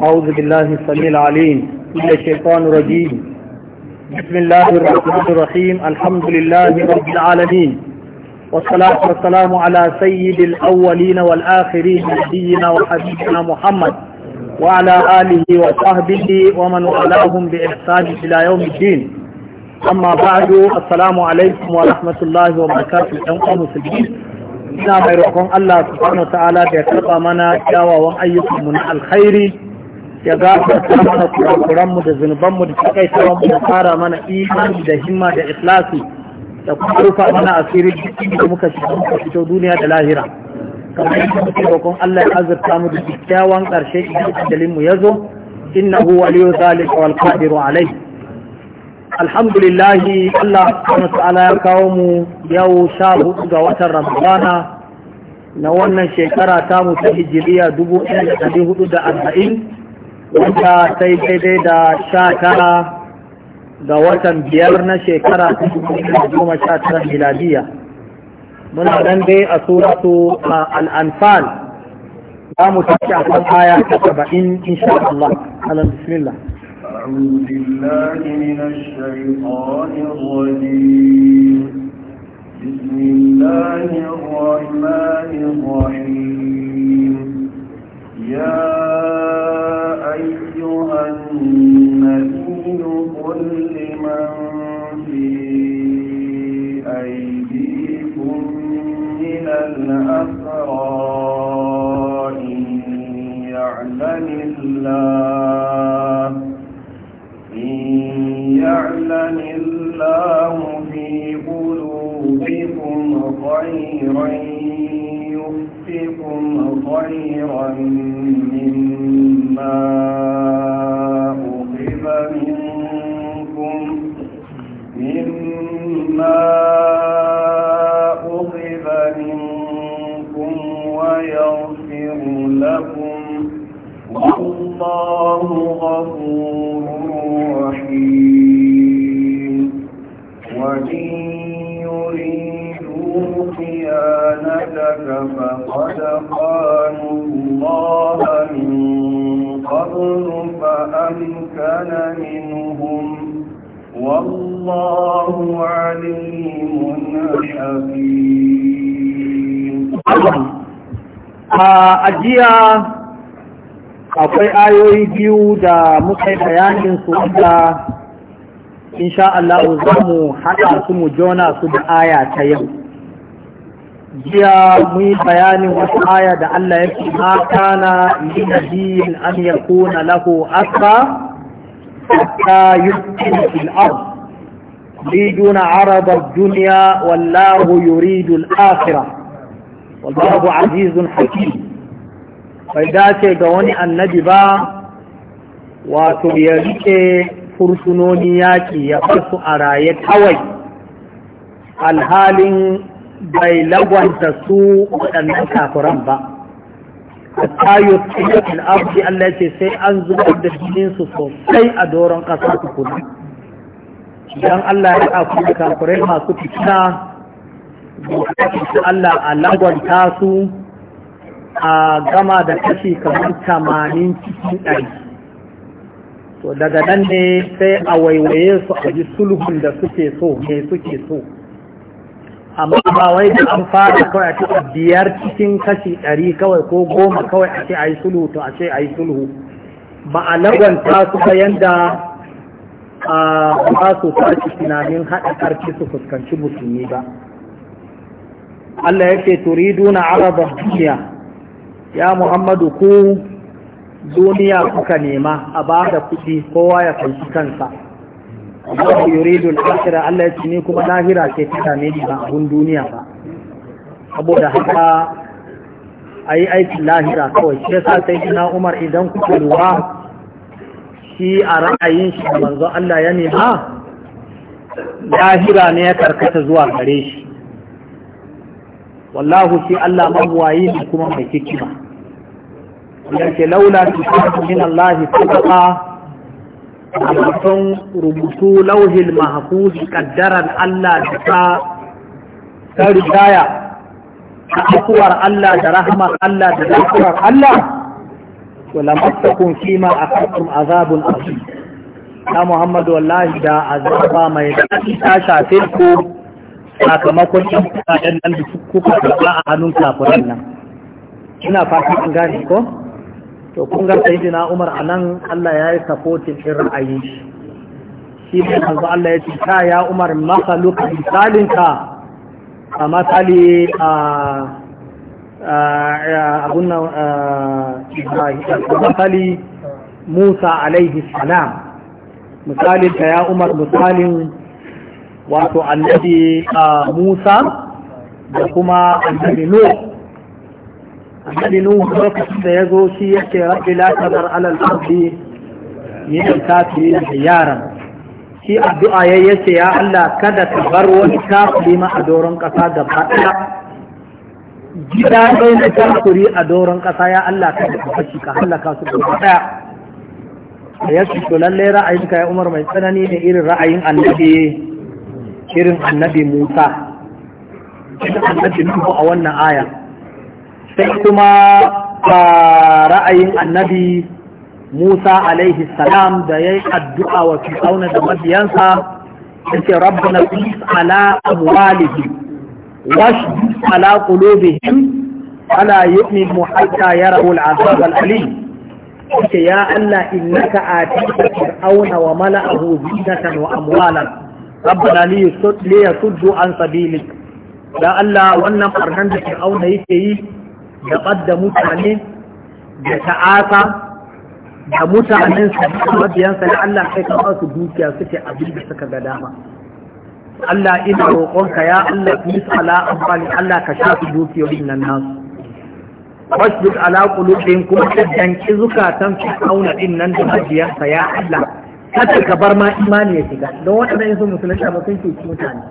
أعوذ بالله السميع العليم من الشيطان الرجيم بسم الله الرحمن الرحيم الحمد لله رب العالمين والصلاة والسلام على سيد الأولين والآخرين نبينا وحبيبنا محمد وعلى آله وصحبه ومن والاهم بإحسان إلى يوم الدين أما بعد السلام عليكم ورحمة الله وبركاته أيها المسلمين ina mai roƙon Allah subhanahu wa ta'ala da ya karɓa mana kyawawan ayyukanmu na alkhairi ya gafarta mana kurakuranmu da zunubanmu da takaitawan mu fara mana imani da himma da ikhlasi da kuma mana asiri da muka shiga muka duniya da lahira kamar yadda muke roƙon Allah ya azurta mu da kyakkyawan ƙarshe idan ajalin mu ya zo innahu waliyu zalika wal qadiru alayhi alhamdulillah Allah subhanahu wa ta'ala ya kawo mu yau sha hudu ga watan Ramadana na wannan shekara ta mu ta hijiriya dubu ɗaya da ɗari hudu da arba'in wanda sai daidai da sha tara ga watan biyar na shekara goma sha tara miladiya muna nan dai a suratu al'anfal za mu tafi a kan aya ta saba'in insha Allah alam bismillah أعوذ بالله من الشيطان الرجيم بسم الله الرحمن الرحيم يا أيها النبي قل لمن في أيديكم من الأسرى إن يعلم الله إن يعلم الله في قلوبكم خيرين يؤتكم خيرا من والله عليم حكيم akwai ayoyi biyu da muka yi bayanin su wanda insha Allah za mu haɗa su mu jona su da aya ta yau jiya mun yi bayanin wasu aya da Allah ya ce ma kana li nabiyyin an yakuna lahu asfa. حتى يسكن في الأرض يريدون عرض الدنيا والله يريد الآخرة والله عزيز حكيم فإذا تقوني النبي با وتبيرك فرسنونياك يفرس أراية هوي الحال بيلوان تسوء أن كافرا با hatta yutsi al-ardi Allah ce sai an zuba da jinin su sosai a doron ƙasa tukuna idan Allah ya aku da kafirai masu fitina su Allah a lagwanta su a gama da kashi kamar tamanin cikin ɗari to daga nan ne sai a waiwaye su a ji sulhun da suke so me suke so amma ba wai da an fara kawai a cikin biyar cikin kashi ɗari kawai ko goma kawai a ce a yi sulhu to a ce a yi sulhu ba a lagwanta su ba yanda a ba su farki tunanin haɗa ƙarfi su fuskanci musulmi ba Allah ya ce turiduna arabar duniya ya Muhammadu ku duniya kuka nema a ba da kuɗi kowa ya kai kansa Allah yuridu al-akhira Allah ya ni kuma lahira ce ta same ba abun duniya ba saboda haka ayi aiki lahira kawai shi yasa sai ina Umar idan kuka ruwa shi a ra'ayin shi manzo Allah ya nema lahira ne ya karkata zuwa gare shi wallahu shi Allah mabuwayi ne kuma mai hikima yake laula tusabu min Allah sadaqa a rubutu lauhin mahafuzi kaddaran Allah da ta ta rigaya ta afuwar Allah da rahamar Allah da zafurar Allah wala matakun kima a kakkum azabun azim ya Muhammadu wallahi da azaba mai daɗi ta shafe ku sakamakon yin kuɗaɗen nan da kuka zaɓa a hannun kafiran nan ina fatan an gane ko to kun ga sayyidina Umar anan Allah ya yi supporting din ra'ayin shi shi ne manzo Allah ya ce ta ya Umar masaluk misalinka a masali a abun nan a masali Musa alaihi salam misalin ta ya Umar misalin wato annabi Musa da kuma annabi Nuh annabi nuhu lokacin da ya zo shi ya ce rabbi la tazar alal ardi min al-kafirin yaran shi addu'a ya yace ya Allah kada ka bar wani kafiri ma a doron kasa da fada gida ɗaya na kafiri a doron kasa ya Allah kada ka fashi ka halaka su gaba daya A ya fito lallai ra'ayin ka ya umar mai tsanani ne irin ra'ayin annabi irin annabi musa irin annabi nuhu a wannan aya sai kuma ba ra'ayin annabi Musa alaihi salam da ya yi addu'a wa Fir'auna da mabiyansa yake rabbana qis ala amwalihim washdud ala qulubihim ala yu'minu hatta yarau al'azab al'alim yake ya Allah innaka atita fir'auna wa mala mala'ahu zinatan wa amwalan rabbana li yasuddu an sabilik Da Allah wannan farhan da fir'auna yake yi gabar da mutane da ta'asa da mutanen sa mabiyansa da Allah kai ka basu su dukiya suke abin da suka ga dama Allah ina roƙonka ya Allah yi ala amfani Allah ka su dukiyoyin nan nasu wasbit ala ɗin kuma ta danki zukatan su kauna din nan da mabiyansa ya Allah kada ka bar ma imani ya shiga don waɗannan yanzu musulunta ba a mutunci mutane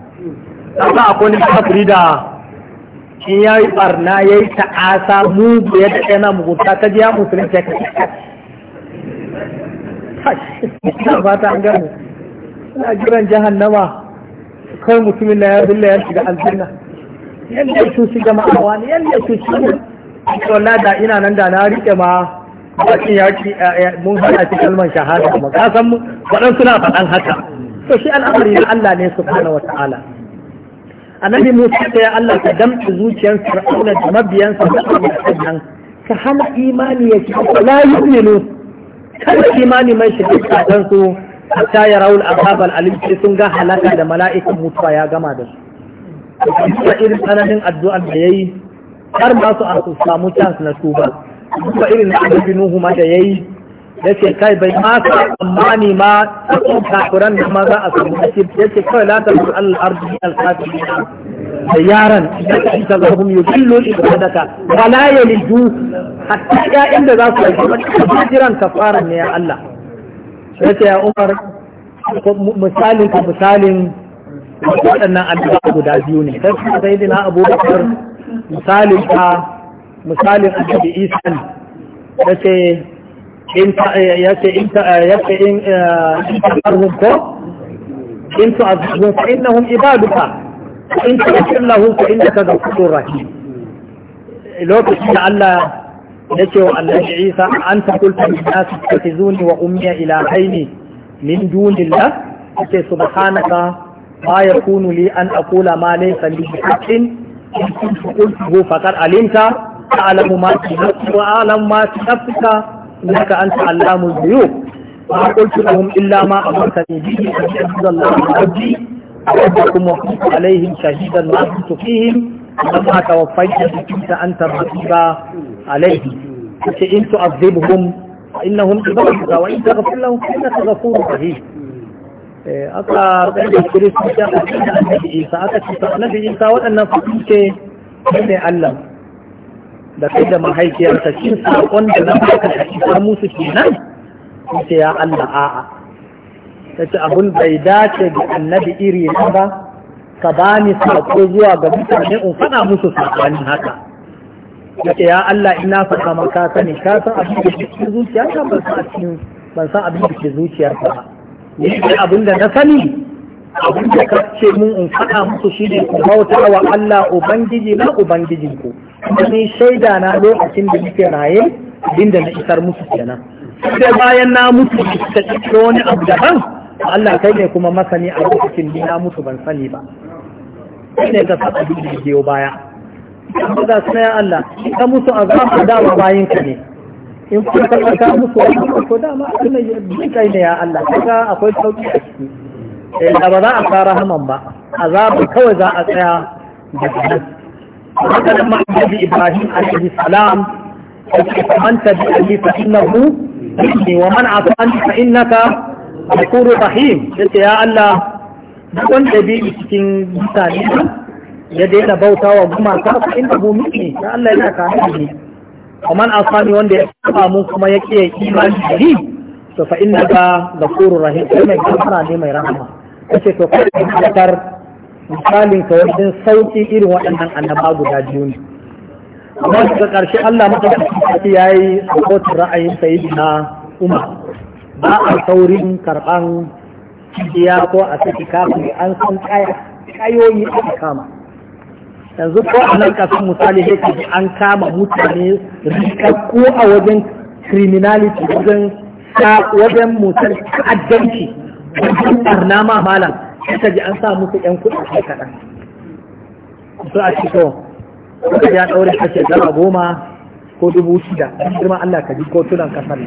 kaga akwai ni kafiri da in ya yi barna ya yi ta'asa mugu ya daɗe na mugunta ta jiya musulun ya ka ta fata an gano suna jiran jahannama kai mutumin na ya zilla ya shiga aljanna yadda su gama ma'awa ne yadda su a wallah da ina nan da na riƙe ma bakin ya ci eh, eh, mun hana shi kalman shahada kuma ka san mu waɗansu na faɗan haka to shi al'amari na Allah ne subhanahu wa ta'ala annabi Musa ya Allah ka damta zuciyar Fir'auna da mabiyansa da Allah ka hana imani ya ci la yu'minu kada imani mai shi duka dan su hatta ya raul azab al alim sun ga halaka da mala'ikan mutuwa ya gama da su kuma irin tsananin addu'a da yayi har ma su a samu chance na tuba kuma irin na annabi Nuhu ma da yayi ya ce kai bai masa amma ni ma tsakin kafiran da ma za a samu nasib ya ce kawai la ta zuwa al'arzi al-kafiri da yaran ya ta isa zarhum yudillu ibadaka wa la yalidu hatta ya'in inda za su yi kuma jiran kafaran ne ya Allah ya ce ya Umar misalin ka misalin waɗannan addu'a guda biyu ne sai kuma sai dina abubakar misalin ka misalin annabi isan ne ya ce inta eh, yace inta eh, yace in farqun eh, ko in tu azu fa innahum in tu lahu fa innaka ghafurur rahim lokacin da Allah ya ce wa Allah ya Isa an ta kulta min nas tatizuni wa ummi ila haini min dunillah ke subhanaka ma yakunu li an aqula ma laysa li haqqin in kuntu qultu faqad alimta ta'lamu ma fi nafsi wa a'lamu ma fi إنك أنت علام الغيوب ما قلت لهم إلا ما أمرتني به أن أشهد الله عبدي ربكم وكنت عليهم شهيدا ما كنت فيهم لما توفيتني كنت أنت الرقيب عليهم إن تعذبهم فإنهم عبادك وإن تغفر لهم فإنك غفور رحيم aka ɗaya kiristoci a ƙasar da annabi isa aka ce annabi isa waɗannan fahimce ne allah da kai da mahaifiyarsa shin sakon da na baka ka isa musu kenan sai ya Allah a'a tace abun bai dace da annabi iri na ba ka bani sako zuwa ga mutane in faɗa musu sakonin haka yace ya Allah ina faɗa maka sani ka san abin da ke cikin zuciya ban san abin da ke zuciyarka ba ni abin da na sani abin da ka ce mun in faɗa musu shi ne ku bauta wa Allah Ubangiji na Ubangijin ku ni shaida na lokacin da nake raye abin da na isar musu kenan sai bayan na mutu ta ɗauki wani abu daban Allah kai ne kuma masani a lokacin da na mutu ban sani ba sai ne ka faɗa duk da biyo baya amma ga sunayen Allah ka musu azaba dama bayan ka ne in kuma ka musu wani ko dama Allah ya bi kai ne ya Allah kaga akwai sauki a ciki da eh, ba za a fara haman ba A za azabu kawai za a tsaya da nan haka nan ma'aikaci ibrahim alaihi salam yake kamanta bi ali fa innahu ne wa man afa an fa innaka ghafurur rahim ce ya Allah duk wanda bi cikin mutane ya daina bauta wa gumaka fa innahu minni ya Allah yana kare ni wa man asani wanda ya saba mun kuma yake imani da ni to fa innaka kuru rahim kai mai gafara ne mai rahama kace to kai halatar misalin ka wajen sauki irin waɗannan annaba guda biyu ne amma daga ƙarshe Allah maka sarki yayi sakotin ra'ayin sayyidina Umar ba a saurin karban cikiya ko a saki kafin an san kayoyi a kama yanzu ko a nan san misali sai an kama mutane rikakku a wajen criminality wajen wajen mutane ta'addanci wajen barna ma malam sai ka ji an sa musu yan kuɗi kaɗan su a ci to kuka ya ɗaure ka shekara goma ko dubu shida girman Allah ka ji ko kotunan kasar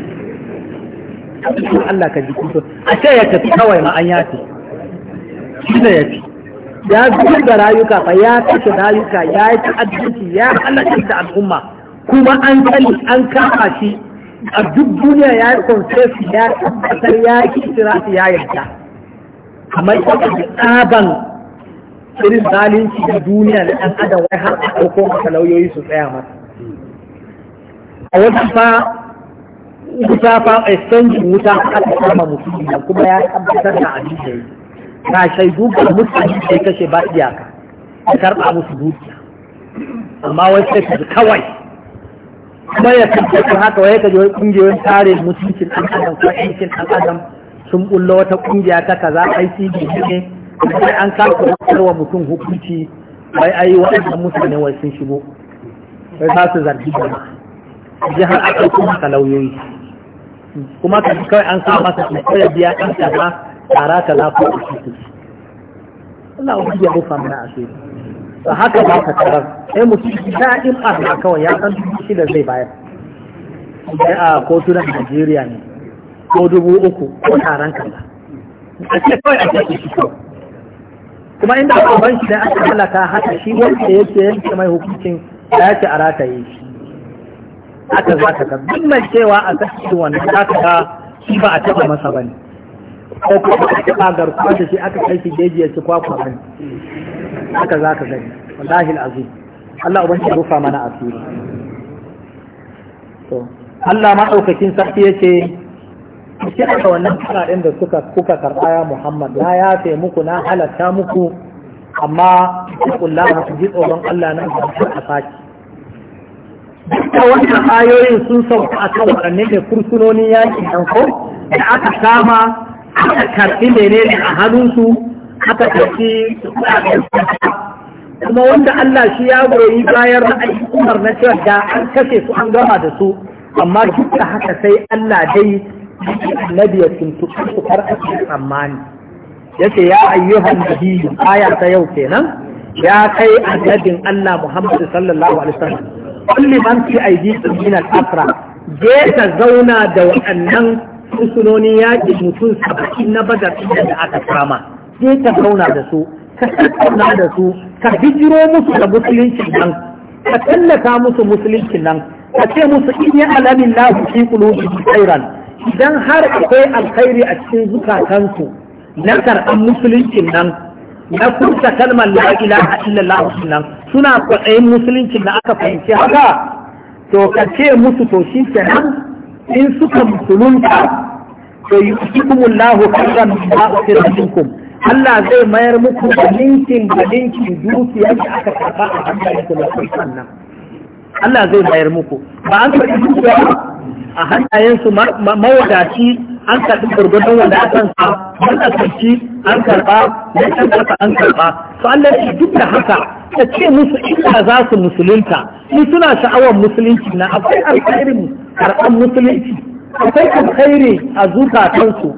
Allah ka ji kotunan a ce ya tafi kawai ma an yafi shi ne ya fi ya zubar da rayuka fa ya kashe rayuka ya yi ta'addanci ya halakar da al'umma kuma an sani an kama shi a duk duniya ya yi konsesi ya tabbatar ya yi su ya yarda amma ita da tsaban irin zalunci da duniya da ɗan adam wai har a ɗauko masa lauyoyi su tsaya masa a wasu fa wuta fa sanji wuta aka kama mutum da kuma ya tabbatar da abin da yi na shaidu ga mutane da ya kashe ba iyaka a karɓa musu dukiya amma wai sai kawai kuma ya tabbata haka wai ka jiwa kungiyoyin tare mutuncin ɗan adam ko yankin ɗan adam sun bullo wata kungiya ta kaza ICD ne sai an da wa mutum hukunci wai ai waɗannan mutane wai sun shigo sai za su zargi da har aka kuma ka lauyoyi kuma ka kawai an sa masa ko kawai biya ɗan kaza tara kaza ko a cikin Allah ya rufa mana asiri da haka ba ka tarar sai mutum daɗin ɓarna kawai ya san shi da zai bayar sai a na Najeriya ne ko dubu uku ko taron kalla a ce kawai a ce shi kawai kuma inda aka ban shi da aka halaka haka shi wanda yake yanke mai hukuncin ya ce a rata yi shi aka za ka ga duk mai cewa a kasashen wannan za ka ga shi ba a taɓa masa ba ne ko kuma a taɓa garkuwa da shi aka kai shi jeji ya ci kwakwa ba ne haka za ka gani wallahi al'azim Allah ubanci rufa mana asiri to Allah ma daukakin sarki yake shi aka wannan kuɗaɗen da suka kuka karɓa ya Muhammad na yafe muku na halatta muku amma kullaha su ji tsoron Allah na da a saki duka wannan ayoyin sun sauka a kan waɗannan ne kursunonin yaƙi ɗan ko da aka kama aka karɓi menene a hannunsu aka tafi kuma wanda Allah shi ya goyi bayar da al'ummar na cewa da an kashe su an gama da su amma duk da haka sai Allah dai annabi ya tuntuɓi su kar a cikin tsammani yace ya ayyuhan nabiyyu aya ta yau kenan ya kai annabin Allah Muhammad sallallahu alaihi wasallam kulli man fi aydikum min al-asra je ka zauna da waɗannan sunoni yaƙi mutum saba'in na badar da aka kama Sai ka zauna da su ka tattauna da su ka hijiro musu da musuluncin nan ka tallaka musu musuluncin nan ka ce musu in ya alamin lahu fi qulubihim khairan idan har akwai alkhairi a cikin zukatansu na karɓar musuluncin nan na kurta kalmar la ilaha illallah nan suna kwatsayin musuluncin da aka fahimci haka to ka ce musu to shi kenan in suka musulunta to yusikumullahu khairan min Allah zai mayar muku da linkin da linkin dukiya da aka karba a hannun ku na nan Allah zai mayar muku ba an karɓi dukiya a hannayensu mawadaci an karɓi gurgurdun wanda a kansa wanda sarki an karɓa da ɗan ƙarfa an karɓa to Allah ya duk da haka ta ce musu inda za su musulunta ni suna sha'awar musulunci na akwai alkhairin karɓar musulunci akwai alkhairi a zukatansu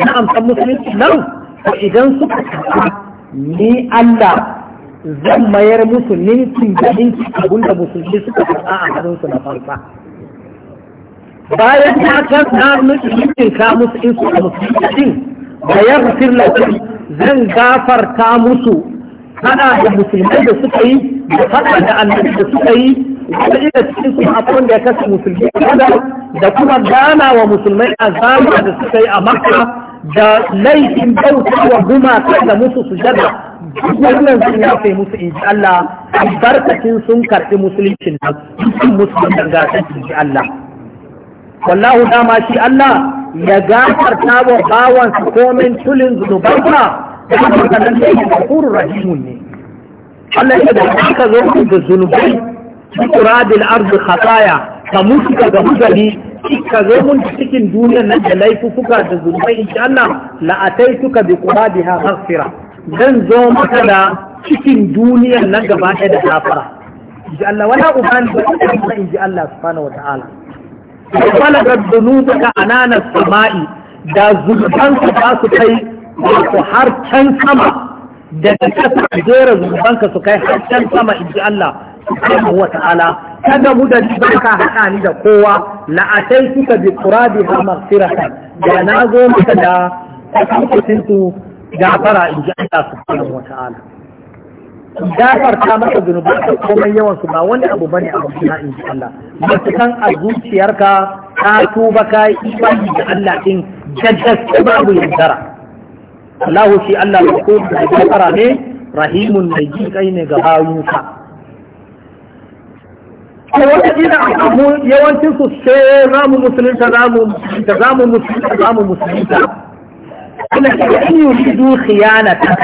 na amsan musulunci nan to idan suka karɓa ni Allah zan mayar musu ninkin da ninki abun da musulmi suka karɓa a hannunsu na farfa bayan ta kan na musu ninkin ka musu in suka musulmi din da ya rufin lafiya zan gafarta musu fada da musulmai da suka yi da fada da annabi da suka yi wanda ina cikin su akwai da ya kasa musulmi da kuma gana wa musulmai a zama da suka yi a makka da laifin bauta wa gumaka da musu sujada wannan sun yafe musu inji Allah albarkacin sun karɓi musulunci nan sun musulun dangasar inji Allah wallahu dama shi Allah ya gafarta wa su komen tulin zunubansa da kuma kanan da yake kafurur rahimun ne Allah ya da haka zo da zunubai su turadil ardi khataya ka mutu daga ga ka zo mun cikin duniyar nan da laifuka da zunubai insha Allah la'ataituka bi qurabiha maghfira dan zo maka da cikin duniya nan gaba ɗaya da kafara insha Allah wala ubani ba insha Allah subhanahu wa ta'ala balaga ka anana sama'i da zunubanka ba su kai wato har can sama da ka ta jera zunubanka su kai har can sama insha Allah subhanahu wa ta'ala gamu da baka haɗa ni da kowa atai suka bi turabi ha magfirata da na zo maka da kafin su gafara in ji Allah subhanahu wa ta'ala gafarta maka zunubai da komai yawan su ba wani abu bane a bakina in ji Allah mutukan a zuciyarka ka tuba ka yi imani da Allah din gaggasta babu yaudara Allah shi Allah ya kuma da gafara ne rahimun mai ji kai ne ga bayinsa ko wata ina a samu yawancin su sai zamu musulunta zamu musulunta zamu musulunta zamu musulunta ina da in yuridu khiyanata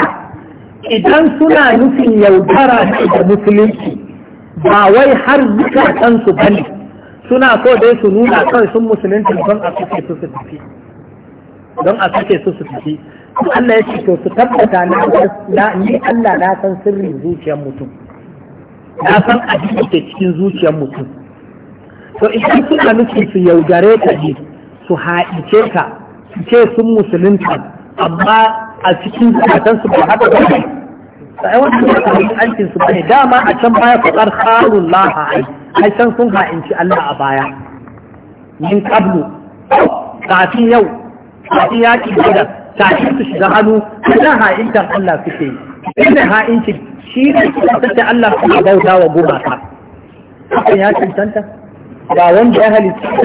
idan suna nufin yaudara da musulunci ba wai har kan su bane suna so dai su nuna kan sun musulunta don a suke su su tafi don a suke su su tafi Allah ya ce to su tabbata na ni Allah na san sirrin zuciyar mutum na san abin da cikin zuciyar mutum to idan suna nufin su yaudare ta ne su haɗice ka su ce sun musulunta amma a cikin zukatansu ba haɗa ba ne sai su da kan aikin su ne dama a can baya fadar laha ai ai can sun ha'inci Allah a baya min ƙablu kafin yau kafin gida, ta kafin su shiga hannu kana ha'intan Allah suke yi inda ha'inci shi ne kasance Allah su bauta wa gumaka hakan ya cancanta ga wanda ya halitta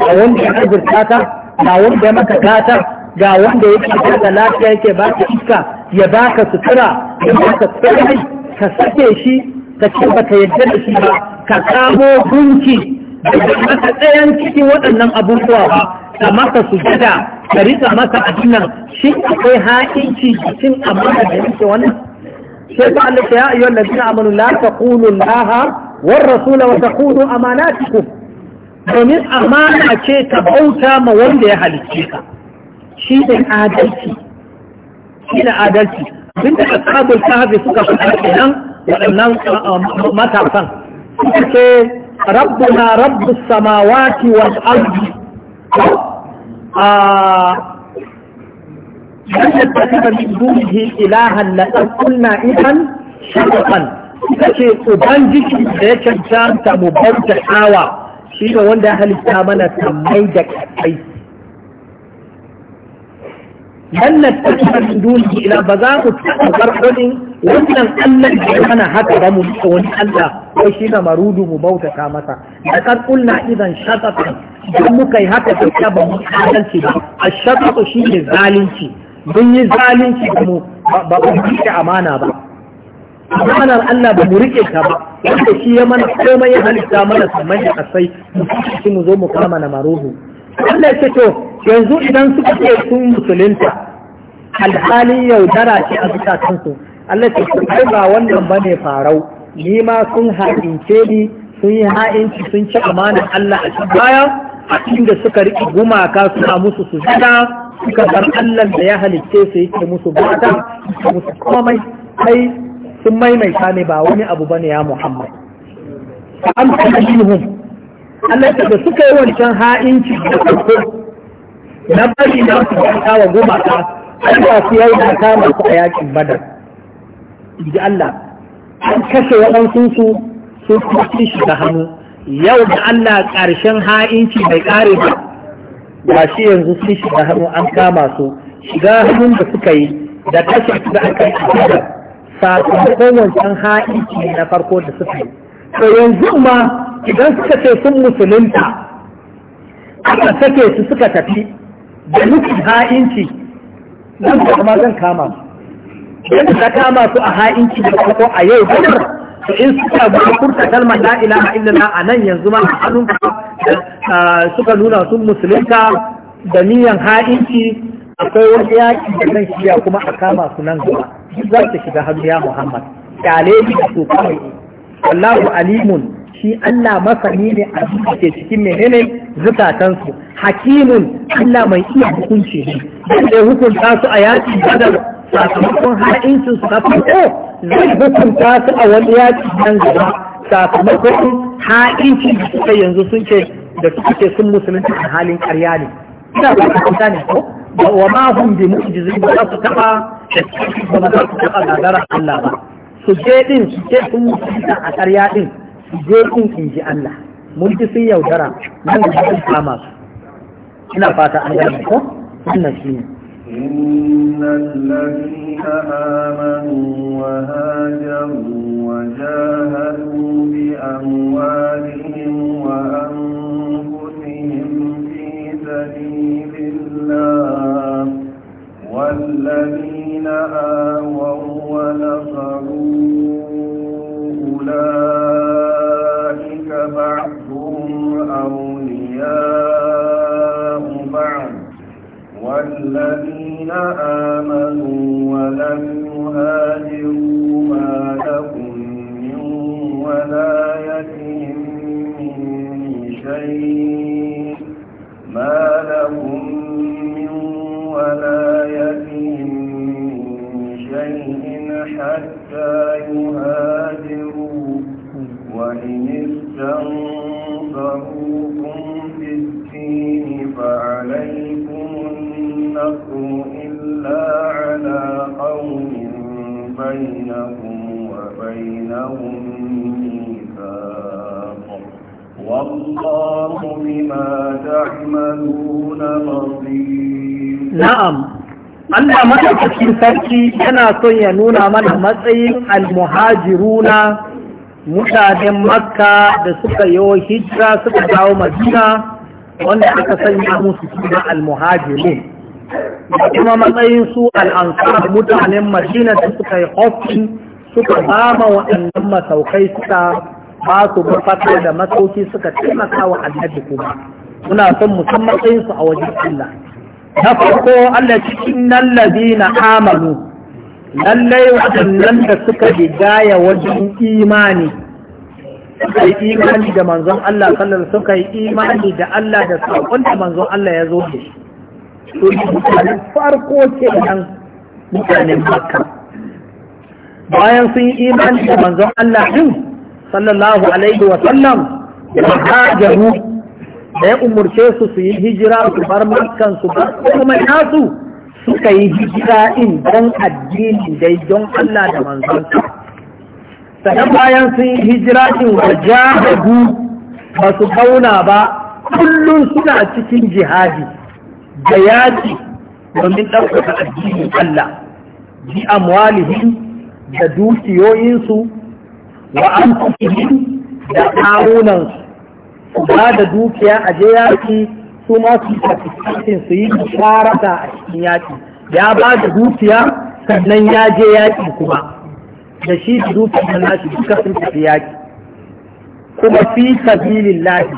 ga wanda ya azurta ta, ga wanda ya maka ta, ga wanda ya ke baka lafiya yake baka iska ya baka sutura ya ka tsari ka sake shi ka ce ka yadda da shi ba ka kamo gunki da masa ɗayan cikin waɗannan abubuwa ba da masa sujada da rika masa addinan shi akwai haƙinci cikin amana da yake wannan sai ta Allah ya ayyuhal ladina amanu la taqulu laha, war rasula wa taqulu amanatikum domin amana ce ta bauta ma wanda ya halicce ka shi ne adalci shi ne adalci abinda ashabul kahfi suka faɗa kenan waɗannan ah, ah, matasan suka ce ربنا رب السماوات والأرض لن نتخذ من دونه إلها لقد قلنا إذا شرقا kace ubangiji da ya cancanta mu bauta hawa shi ne wanda ya halitta mana sammai da kai lan nattakhidha min dunihi ila ba za mu taɓa gargadin wannan Allah da ya hana haka ba mu rika wani Allah ko shi na marudu mu bautata masa da karkulna idan shatata don muka yi haka da ta ba mu adalci ba a shatata shi ne zalunci mun yi zalunci da mu ba mu rike amana ba amanar Allah ba mu rike ta ba wanda shi ya mana komai ya halitta mana saman da kasai mu shi mu zo mu kama na marudu Allah ya ce to yanzu idan suka ce sun musulunta alhali yaudara ce a zukatansu Allah ce ai ba wannan bane farau ni ma sun haɗince ni sun yi ha'inci sun ci amanar Allah a cikin baya a cikin da suka riƙe gumaka suna musu sujada suka bar Allah da ya halicce su yake musu bata musu komai kai sun maimaita ne ba wani abu bane ya Muhammad fa amsaka minhum Allah da suka yi wancan ha'inci da farko na bari na su bauta wa gumaka Allah su yi da kama su a yakin badar inji Allah an kashe waɗansunsu sun kuma shi da hannu yau da Allah ƙarshen ha'inci mai ƙare ba ba shi yanzu sun shi da hannu an kama su shiga hannun da suka yi da kashe su da aka yi a sakamakon wancan ha'inci na farko da suka yi to yanzu ma idan suka ce sun musulunta aka sake su suka tafi da nufin ha'inci nan da kuma zan kama su yadda ta kama su a ha'inci da ko a yau to in suka ba furta kalmar la ilaha illallah a nan yanzu ma a hannun suka nuna su musulunta da niyan ha'inci akwai wani yaki da kan shiya kuma a kama su nan gaba za su shiga hannu ya muhammad kyale ni da su kawai wallahu alimun shi Allah masani ne a ke cikin menene zukatansu hakimun Allah mai iya hukunci ne zai hukunta su a yaki badar sakamakon ha'insu su ko oh, zai hukunta su a wani yaki nan gaba sakamakon ha'inci da suka yanzu sun ce da suka ce sun musulunci a halin karya ne ina ba ta kuta ne ko wa ma hun bi mu'jizin ba za su taba ba za su taba gagara Allah ba su je din su ce sun musulunci a karya din su je din in ji Allah mun ji sun yaudara nan da su kama su ina fata an gane ko wannan ne إن الذين آمنوا وهاجروا وجاهدوا بأموالهم وأنفسهم في سبيل الله والذين آووا ونصروا أولئك بعضهم أولياء بعض والذين آمنوا ولم يهاجروا ما لكم من ولايتهم من شيء ما لهم من ولايتهم من شيء حتى يهاجروا وإن استنفروكم في الدين فعليكم النصر إلا على قوم بينكم وبينهم ميثاق والله بما تعملون بصير نعم Allah madaukakin sarki yana son ya nuna mana matsayin almuhajiruna mutanen makka da suka yi hijira suka dawo madina wanda aka sanya musu suna almuhajirin da kuma matsayin su al'ansar mutanen madina da suka yi hofin suka bama waɗannan masaukai suka ba su mafaka da masauki suka taimaka wa annabi kuma muna son musamman matsayin a wajen Allah na farko Allah cikin nan amanu lallai waɗannan da suka hidaya wajen imani suka yi imani da manzon Allah sallallahu suka yi imani da Allah da saƙon da manzon Allah ya zo da shi to mutanen farko ke nan mutanen Makka bayan sun yi imani da manzon Allah din sallallahu alaihi wa sallam da hajaru da ya umurce su su yi hijira su bar makkan su bar kuma nasu suka yi hijira in don addini dai don Allah da manzansa sannan bayan sun yi hijira in wajahadu ba su kauna ba kullum suna cikin jihadi da yaƙi domin ɗaukaka addinin Allah bi walihin, da dukiyoyinsu wa amfihim da ƙarunansu ba da dukiya a je yaƙi su ma su yi su yi sharata a cikin yaƙi ya ba da dukiya sannan ya je yaƙi kuma da shi da dukiyar nashi duka sun tafi yaƙi kuma fi sabilin lahi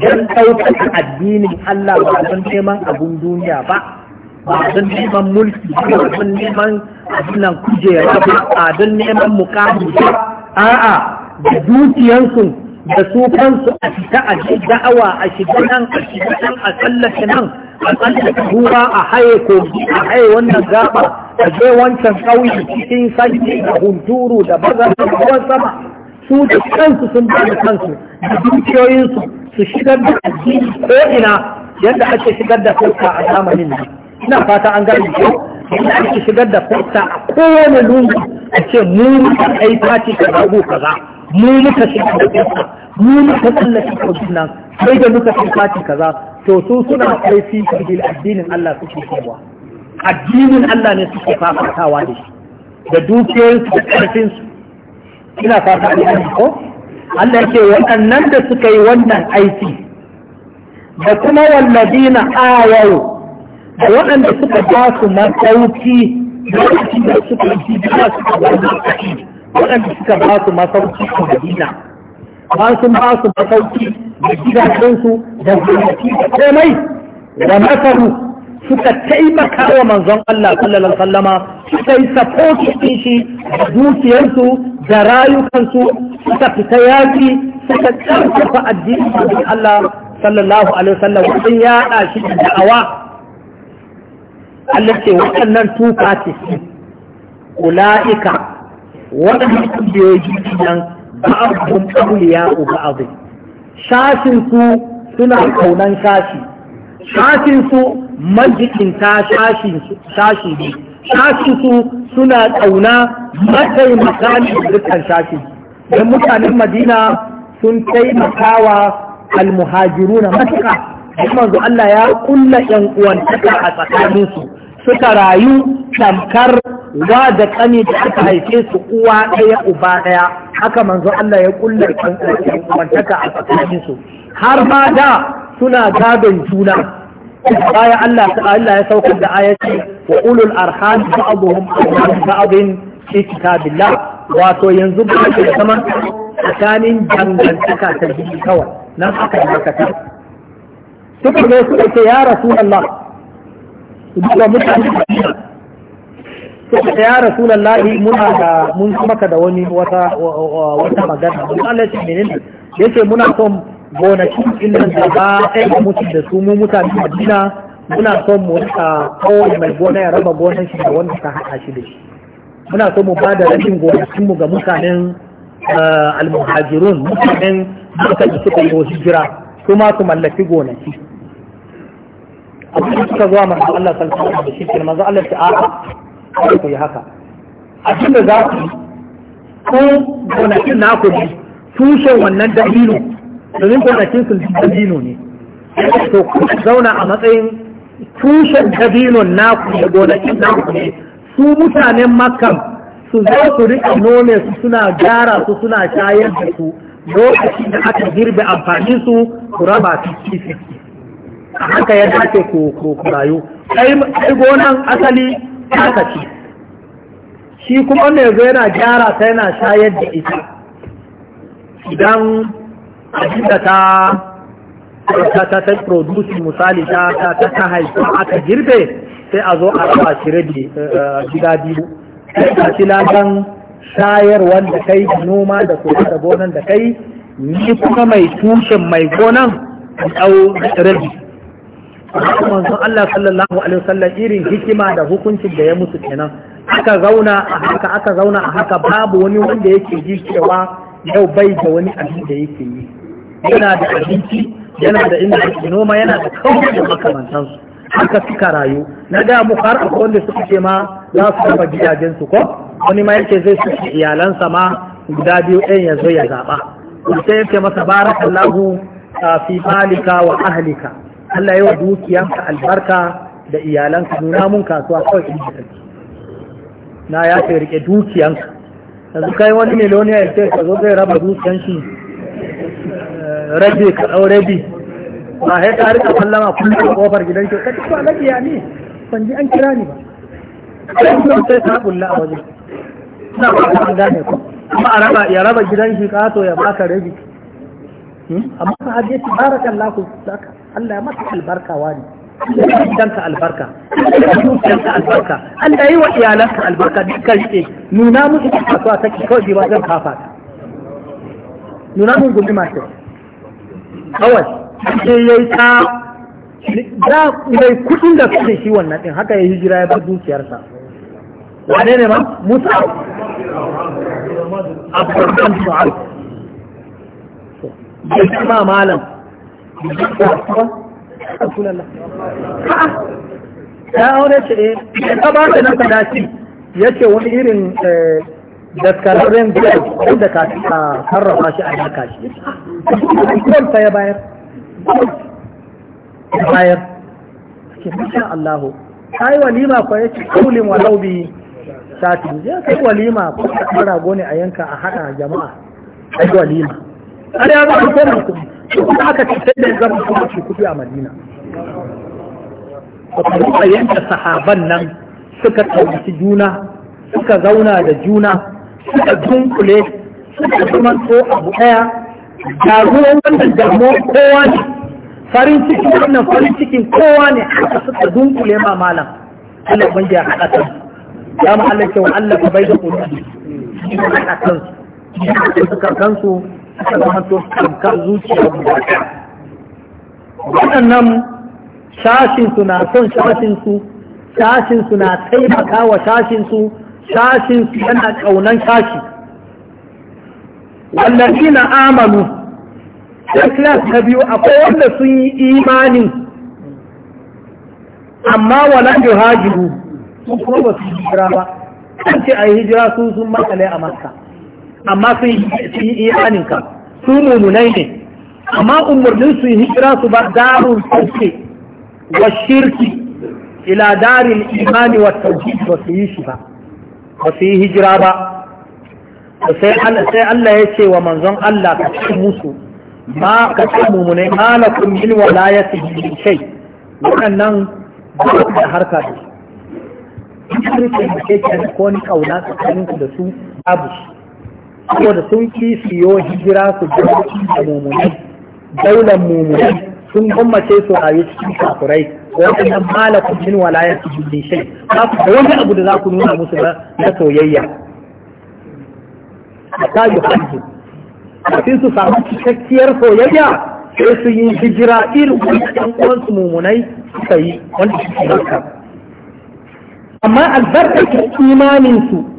don ɗaukar addinin Allah ba don neman abun duniya ba ba don neman mulki ba don neman nan kujera ba don neman mukamu ba a'a da dukiyansu da su kansu a fita a ji da'awa a shiga nan a shiga nan a tsallake nan a tsallake ruwa a haye kogi a haye wannan gaba a je wancan ƙauye cikin sanyi da hunturu da bazar da ruwan sama su da kansu sun ba kansu da dukiyoyinsu su shigar da addini ko ina yadda ake shigar da fuska a zamanin nan ina fata an gani ko yadda ake shigar da fuska a kowane lungu a ce mu mutum ai ta ce kaza za. mu muka shiga da kinsa mu muka tsallake kogin nan sai da muka fi fati kaza to su suna kai fi bil addinin Allah suke cewa addinin Allah ne suke fafatawa da shi da su da su ina fata ne ko Allah ya ce waɗannan da suka yi wannan aiki da kuma walladina ayaw da waɗanda suka ba su masauki da da suka yi da suka ba su waɗanda suka ba su masauki a Madina ba sun ba su masauki da gidajensu da zurfi da komai da masaru suka taimaka wa manzon Allah sallallahu alaihi wasallama suka yi support din shi da dukiyarsu da rayukansu suka fita yaƙi suka karfafa addinin Allah sallallahu alaihi wasallam sun yada shi da da'awa Allah ce waɗannan tufa ce ula'ika waɗannan kungiyoyi nan ba a kun kauliya shashin su suna kaunan shashi shashin su ta shashi ne shashi su suna kauna mataimaka ne dukkan shashi don mutanen madina sun taimakawa almuhajiru na matuka manzo Allah ya kulla yan uwantaka a tsakaninsu suka rayu tamkar wa da kani da aka haife su uwa ɗaya uba ɗaya haka manzo Allah ya kullar kwantaka a tsakanin su har ma da suna gadon juna baya Allah Allah ya saukar da ayati wa ulul arham ba'dhum ba'dhin fi kitabillah wato yanzu ba ke zaman tsakanin dangantaka ta jini kawai nan aka yi makata suka zo suka ce ya rasu Allah duba mutane suka ya muna da mun maka da wani wata magana mun Allah shi menene yace muna son gonaki illan da ba ɗaya da da su mu mutane Madina muna son mu rika kawai mai gona ya raba gonan shi da wanda ta haɗa shi da shi muna son mu ba da rashin gonakin mu ga mutanen eh, almuhajirun mutanen da suka yi hijira kuma su mallaki gonaki abin suka zuwa manzo Allah sallallahu alaihi wasallam shi ke manzo Allah ta a'a ku yi haka a cikin da za ku ko gonakin naku ne tushen wannan dabino domin gonakin su dabino ne to ku zauna a matsayin tushen dabinon naku da gonakin naku ne su mutanen makam su zo su riƙa nome su suna gyara su suna shayar da su lokacin da aka girbe amfanin su ku raba su kifi haka ya dace ku rayu kai gonan asali haka ce shi kuma wanda yanzu yana gyara ta yana shayar da ita idan abinda ta ta ta ta produce misali ta ta ta ta haifa aka girbe sai a zo a raba shi rabe eh, eh, gida biyu sai ka ci ladan shayar wanda kai noma da kuma da gonan da kai ni kuma mai tushen mai gonan ɗau rabi manzon Allah sallallahu alaihi wasallam irin hikima da hukuncin da ya mutu kenan aka zauna a haka aka zauna a haka babu wani wanda yake ji cewa yau bai da wani abin da yake yi yana da abinci yana da inda yake noma yana da kawai da aka haka suka rayu na da mu har akwai wanda suka ce ma za su raba gidajensu ko wani ma yake zai su iyalansa ma guda biyu ɗayan ya zo ya zaɓa sai yake masa barakallahu ah, fi malika wa ahlika Allah yi wa dukiyanka albarka da iyalanka nuna mun kasuwa kawai in ji sarki na ya ce rike dukiyanka yanzu kai wani miliyoniya ya ce ka zo zai raba dukiyan shi eh, rage ka ɗau bi. ba sai ka rika sallama kullum kofar gidan shi kaci ba lafiya ne ban ji an kira ni ba kai kuma sai ta bulla a waje ina ba ta gane ko amma a raba ya raba gidan shi kaso ya baka rabi hmm? amma ka ajiye shi barakallahu zaka Allah maka albarka wani danka albarka danka albarka Allah yi wa iyalanka albarka dukkan shi nuna mu ita kasuwa take kawai ba zan kafa ta nuna mu gudu mace kawai sai yayi ta da mai kudin da kudin shi wannan din haka ya hijira ya bar dukiyarsa wane ne ma musa abdurrahman bin auf bai ma malam ya aure ce eh ta ba ta nan kadashi yace wani irin eh, daskararren biyar inda ka sarrafa shi a yanka shi kwanta ya bayar ya bayar ke masha Allahu ta yi walima kwa yace kulin walau bi sati ya kai walima ko ta rago ne a yanka a haɗa jama'a ta yi walima har ya zama gwamnan kuɗi kuma aka da ya zama gwamnan kuɗi a madina kuma yanke sahaban nan suka ɗauki juna suka zauna da juna suka dunkule suka zumanto abu ɗaya damuwar wannan damuwar kowa ne farin cikin wannan farin cikin kowa ne suka dunkule ma malam Allah ban ya haɗa kan ya mu Allah kyau Allah ka bai da kuɗi kansu suka zama to tamkar zuciya guda waɗannan shashin su na son shashin su shashin su na taimaka wa shashin su shashin su yana kaunan shashi wallazina amanu sai class na biyu akwai wanda sun yi imani amma walan yuhajiru kuma ba su hijira ba kan ce a yi hijira sun sun matsale a makka amma sun yi imanin ka su mumunai ne amma umarnin su hijira su ba darul sauke wa shirki ila daril imani wa tauhid ba su yi shi ba ba su yi hijira ba sai Allah ya ce wa manzon Allah ka ce musu ma ka ce mumunai ma lakum min walayati min shay waɗannan da harka da Ina Kirkin da ke ko ni kauna tsakaninku da su babu shi. saboda sun ki siyo hijira su gwamnati da mummunai daular mummunai sun gummace su rayu cikin kafurai waɗannan malakun min walaya su jirgin shai za ku da wani abu da za ku nuna musu na soyayya a ta yi hajji kafin su samu cikakkiyar soyayya sai su yi hijira irin wani uwansu mummunai suka yi wanda suke yi. amma albarkacin imaninsu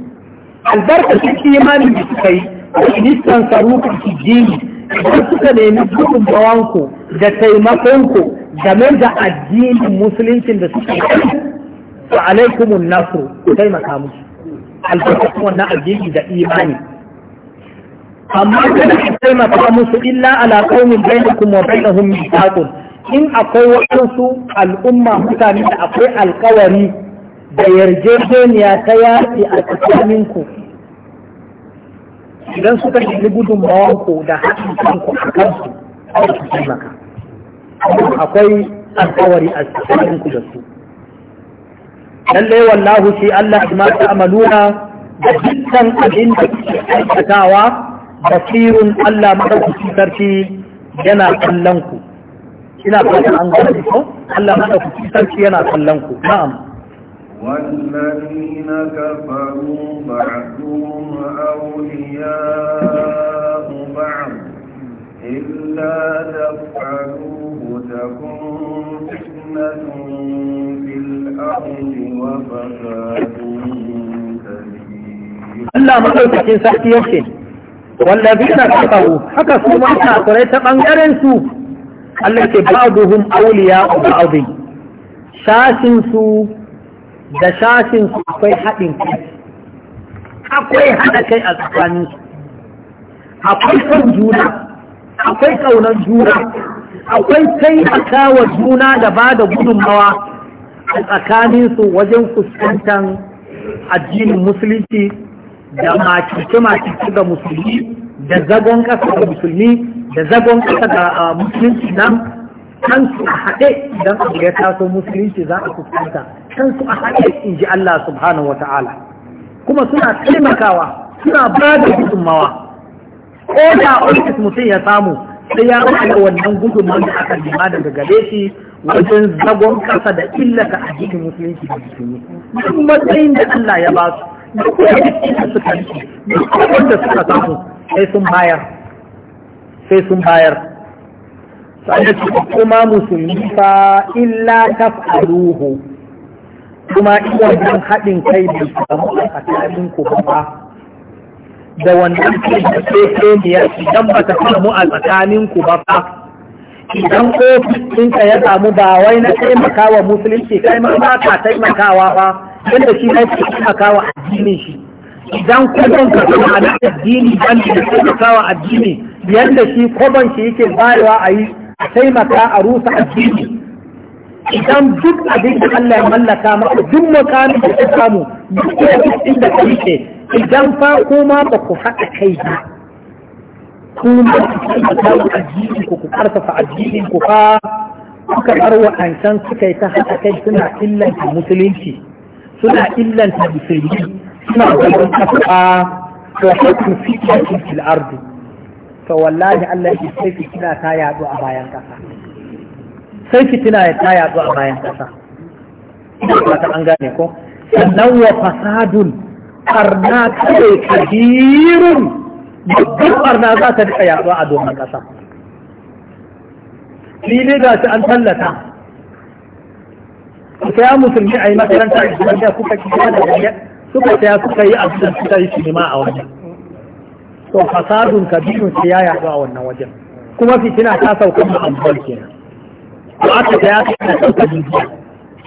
albarkacin imanin da suka yi a ministan sarukar kijini idan suka nemi gudun bawanku da taimakonku game da addinin musuluncin da suka yi wa alaikumun nasu ku taimaka musu albarkacin wannan addini da imani amma kada ku taimaka musu illa ala qaumin bainakum wa bainahum mithaqun in akwai wasu al'umma mutane da akwai alkawari da yarjejeniya ta yaƙi a tsakaninku idan suka shiga gudunmawanku da haɗin kanku a kansu a su taimaka akwai alkawari a tsakaninku da su lallai wallahu shi Allah ma ta amaluna da dukkan abin da kuke aikatawa basirun Allah madaukakin sarki yana kallon ku ina fata an gani ko Allah madaukakin sarki yana kallon ku na'am والذين كفروا بعدهم أولياء بعض إلا تفعلوه تكون فتنة في الأرض وفساد Allah maɗaukacin sarki yankin, wanda bisa ta faru, haka su mata a kurai ta ɓangarensu, Allah ke ba buhun auliya a ba'abin, su. da sashin su akwai haɗin kai akwai haɗa kai a tsakanin su akwai son juna akwai ƙaunar juna akwai kai a kawo juna da ba da gudunmawa a tsakanin su wajen fuskantar addinin musulunci da makice-makice ga musulmi da zagon ƙasa ga musulmi da zagon ƙasa ga musulunci nan kansu a haɗe idan a ya taso musulunci za a fuskanta kansu a haɗe in ji Allah subhanahu wata'ala kuma suna taimakawa suna ba da gudunmawa ko da ofis mutum ya samu sai ya ba da wannan gudunmawa da aka nema daga gare shi wajen zagon kasa da illata a jikin musulunci da musulmi duk matsayin da Allah ya ba su duk wanda suka yi duk wanda suka samu sai sun bayar sai sun bayar wanda kuma musulmi fa illa taf'aluhu kuma in wannan haɗin kai da samu a tsakanin ku ba da wannan kai da ke biyar idan ba ta samu a tsakanin ku ba fa idan ofis ɗinka ya samu ba wai na taimakawa musulunci kai ma ba ka taimakawa ba yadda shi na ke taimakawa addinin shi idan kudin ka zama na addini ban da taimakawa addini yadda shi kwaban shi yake bayarwa a yi a taimaka a rusa addini idan duk abin da Allah ya mallaka maka duk makamin da ka samu duk da ka rike idan fa kuma ba ku haɗa kai ba kuma ku taimaka addini ku ku karfafa addini ku fa suka barwa ansan suka yi ta haɗa kai suna illanta musulunci suna illanta musulmi suna gaban kafa wa hukum fitnatin fil ardi to wallahi Allah ya sai fitina ta yadu a bayan kasa sai fitina ta yadu a bayan kasa ta an gane ko sannan wa fasadun karna kai kabirun duk barna za ta rika yaduwa a domin kasa ne ga shi an tallata sai ya musulmi a yi makaranta a kuka kira da suka saya suka yi a da suka yi ma a wajen to fasadun kabirun sai ya yaɗu a wannan wajen kuma fitina ta saukan ma'abuwan kenan to aka ta ya kai sauka dukiya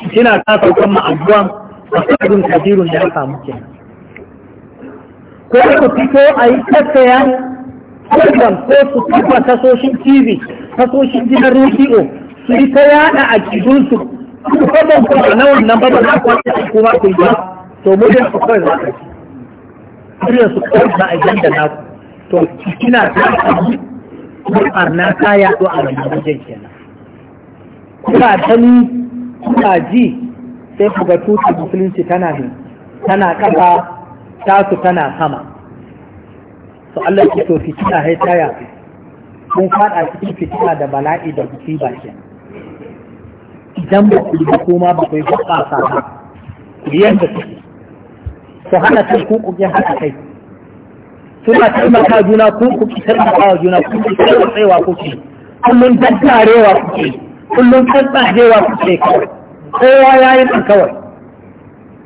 fitina ta saukan ma'abuwan fasadun kabirun ya samu kenan ko ku fito a yi tattaya program ko su kafa tasoshin tv tasoshin gidan rediyo su yi ta yaɗa a kidunsu su a nawa na wannan ba ba za ku wata kuma ku yi ba to mu su kawai za ka yi. su kawai na ajiyar naku. to kina ta yi ko barna kaya yaɗo a wannan wajen kenan kuna ni kuna ji sai ku ga tutu musulunci tana ne tana kafa tasu tana sama to Allah ki to fitina hai ta yaɗo kun faɗa cikin fitina da bala'i da musiba kenan idan ba ku ba kuma ba ku yi ba ba ku yanda ku hana kai ku ku hana kai suna taimaka juna ko ku ki taimaka wa juna ku ki tsayawa ku ki kullun daddarewa ku ki kullun tsatsajewa ku ki kowa ya yi ɗan kawai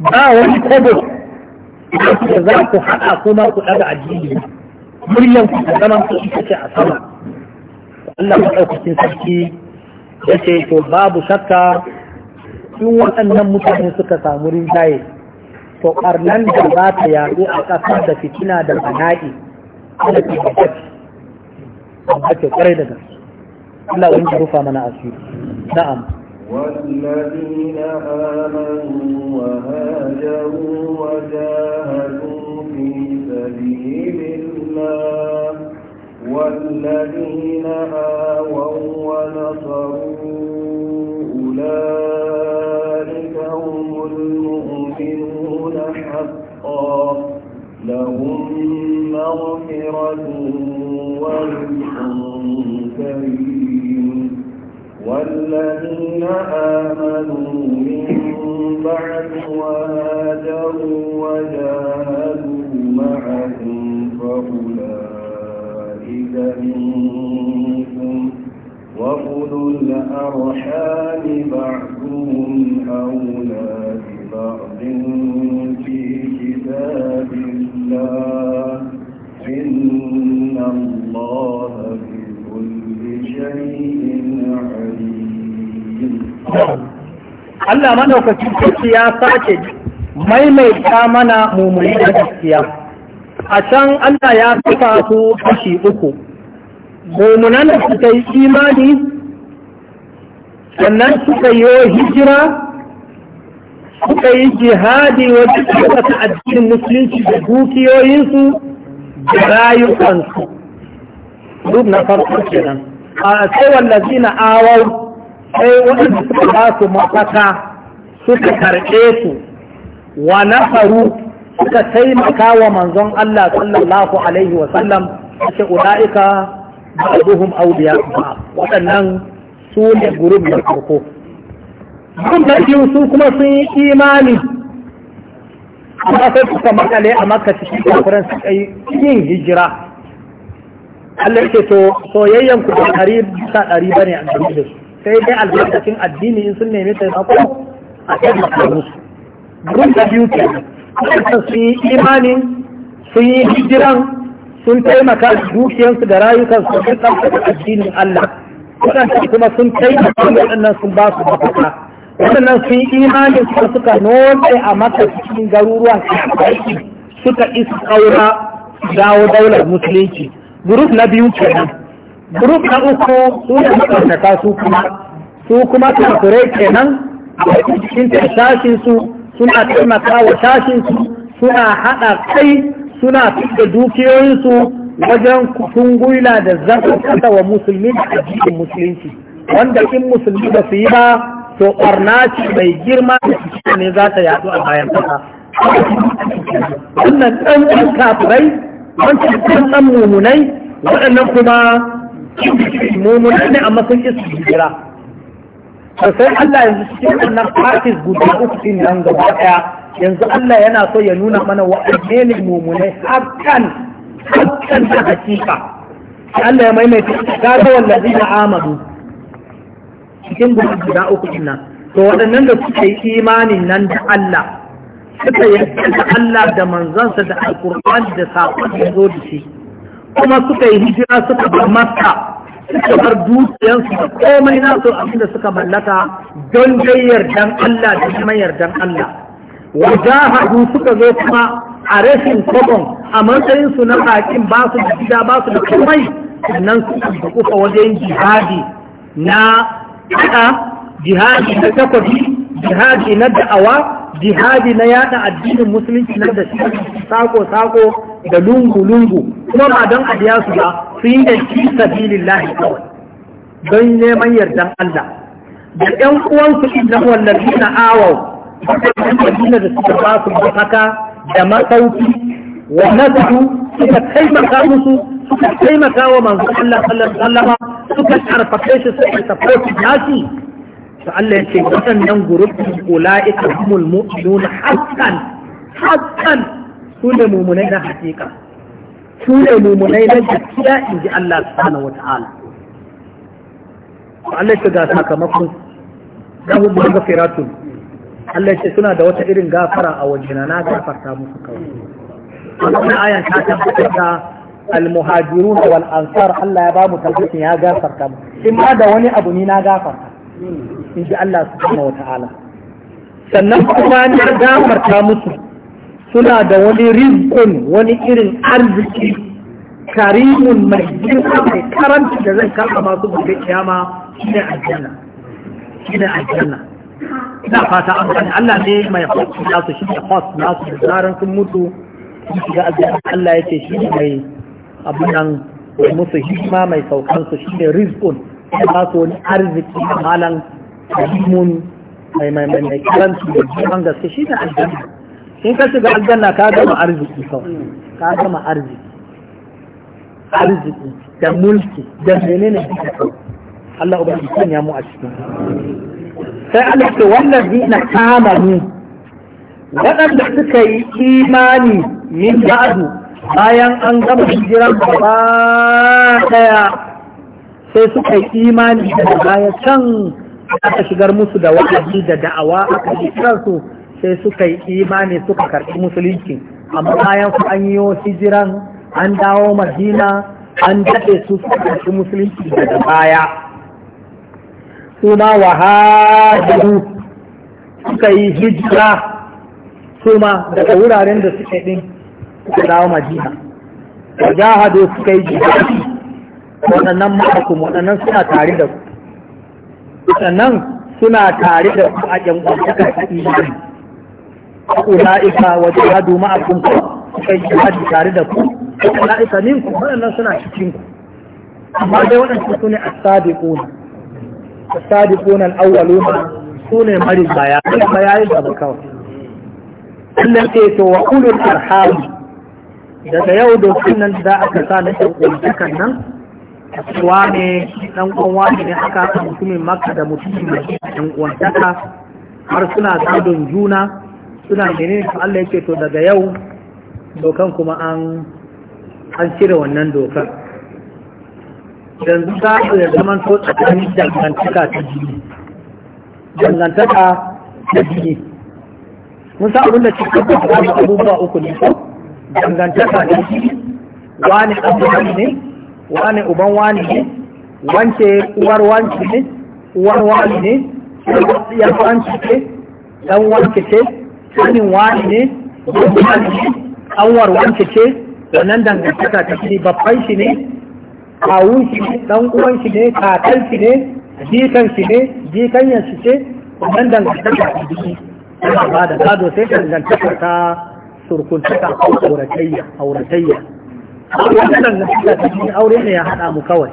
ba wani kobo da za ku haɗa kuma ku ɗaga addini muryan ku zaman ku ita ce a sama Allah maɗaukakin sarki ya ce to babu shakka in waɗannan mutane suka samu rinjaye to ɓarnan da za ta yaɗu a ƙasar da fitina da bana'i da ke gabaci amma ke kwarai da gaske Allah wani ya rufa mana asiri na'am والذين آمنوا وهاجروا وجاهدوا في سبيل الله والذين آووا ونصروا أولئك هم المؤمنون حقا لهم مغفرة ورزق كريم والذين آمنوا من بعد وهاجروا وجاهدوا معهم فأولئك منكم وأولو الأرحام بعدهم أولى Allah madaukakin kirki ya sake maimaita mana mummuni da gaskiya a can Allah ya saka su kashi uku mummunan da suka yi imani sannan suka yi hijira suka yi jihadi wata ɗaukaka addinin musulunci da dukiyoyinsu da rayukansu duk na farko kenan a sai wallazi na awau sai waɗanda suka ba su mafaka suka karɓe su wa nafaru suka taimaka wa manzon Allah sallallahu alaihi wa sallam ce ula'ika ba'duhum awliya ba waɗannan su ne gurum da farko gurum da biyu su kuma sun yi imani amma sai suka makale a makka cikin kafiran suka yi yin hijira Allah ya ce to soyayyen ku da ɗari bisa ɗari bane a da su sai dai albarkacin addini in sun nemi sako a taimaka musu gurin da biyu ke kuma sun yi imanin sun yi hijiran sun taimaka dukiyarsu da rayukansu sun da addinin Allah waɗanda kuma sun taimaka waɗannan sun ba su mafaka waɗannan sun yi imanin suka suka nome a maka cikin garuruwan suka isa ƙaura dawo daular musulunci Gurin na biyu kenan Grup na uku su da su kuma, su kuma kenan a cikin tashinsu suna taimaka wa tashinsu suna haɗa kai suna fidda dukiyoyinsu wajen kufin gwila da zaɓin kasa wa musulmi da ajiyar musulunci. Wanda in musulmi ba su yi ba, to ce mai girma da cikin ne za ta yaɗu a bayan kasa. Wannan ɗan ɗan kafirai, wancan ɗan ɗan mummunai, waɗannan kuma mummuna ne amma sun isa hijira to sai Allah yanzu cikin wannan parties guda uku din nan gaba daya yanzu Allah yana so ya nuna mana wa ne mummunai hakan hakan da hakika Allah ya maimaita ta ga ga na amadu cikin guda uku din nan to waɗannan da suka yi imanin nan da Allah suka yi da Allah da manzansa da alkur'ani da saƙon da zo da shi kuma suka yi hijira suka bar maka suka bar dukiyansu da komai nasu abinda suka mallaka don dai yardan Allah da kuma yardan Allah wajahadu suka zo kuma a rashin kobon a matsayin su na bakin ba su da gida ba su da komai sannan suka kufa wajen jihadi na kada jihadi na takwafi jihadi na da'awa jihadi na yada addinin musulunci na da sako-sako da lungu-lungu kuma ba don adiya su ba su yi da shi sabilin lahi kawai don neman yardan Allah da ‘yan uwansu inda wallafi na awau da da suka ba su mafaka da masauki wa nasu suka taimaka musu suka taimaka wa manzo Allah sallallahu alaihi wasallam suka karfafe shi suka tafi nashi to Allah ya ce waɗannan gurubin ula'ika humul mu'minun haqqan haqqan su ne mumunai na hakika su ne mumunai na gaskiya in ji Allah subhanahu wata'ala to Allah ya ga sakamakon lahu maghfiratun Allah ya ce suna da wata irin gafara a na gafarta ta da المهاجرون والأنصار الله يبا متبسين يا غافر إما دا وني أبو نينا in ji Allah wa Ta'ala, sannan kuma damar ta musu suna da wani rizkun wani irin arziki karimun mai girma mai karanta da zai kama masu gobe kiyama shine aljanna shine aljanna ina fata an gane Allah ne mai host nasu shi ne host nasu da zaran sun mutu sun shiga aljanna Allah yake shi ne mai abunan nan musu hikima mai saukansu shi ne rizkun ya ba su wani arziki malan kalimun mai mai mai mai karanci da jiran gaske shi ne aljanna in ka shiga aljanna ka gama arziki kawai ka gama arziki arziki da mulki da menene duka kawai Allah ubangiji ya mu a cikin sai Allah ce wannan zina amanu waɗanda suka yi imani min ba'adu bayan an gama hijiran gaba ɗaya. sai suka yi imani da baya can aka shigar musu da wa'azi da da'awa aka yi su sai suka yi imani suka karɓi musulunci amma bayan su an yi hijiran an dawo madina an daɗe su suka karɓi musulunci daga baya su ma wahajiru suka yi hijira Suma ma daga wuraren da suke ɗin suka dawo madina jahado suka yi jihadi waɗannan ma'akum waɗannan suna tare da ku waɗannan suna tare da ku a ƴan uwantaka ta imani ula'ika wa jihadu ma'akum ku kai jihadi tare da ku ula'ika ku waɗannan suna cikin ku amma dai waɗansu su ne as ƙuna. as sadi al-awwaluna su ne marin baya bayayin da kawai Allah ce to wa ulul arham daga yau da sunan da aka sa na ɗan nan wane dan uwan wane ne haka mutumin maka da mutumin madina uwan taka har suna gadon juna suna menene to Allah yake to daga yau dokan kuma an an cire wannan dokan yanzu ta ya zaman to tsakanin dangantaka ta jini dangantaka ta jini mun sa abin da cikin da abubuwa uku ne dangantaka ta jini wani abu ne wani uban wani ne wance uwar wanci ne uwar wani ne ya wanci ce dan wanci ce kanin wani ne kanwar wanci ce wannan dangantaka ta shi babban shi ne kawun shi ne dan uwan shi ne kakar shi ne jikan shi ne jikan shi ce wannan dangantaka ta jiki ba da gado sai dangantaka ta surkuntaka auratayya auratayya wannan nasiha ta cikin aure ne ya haɗa mu kawai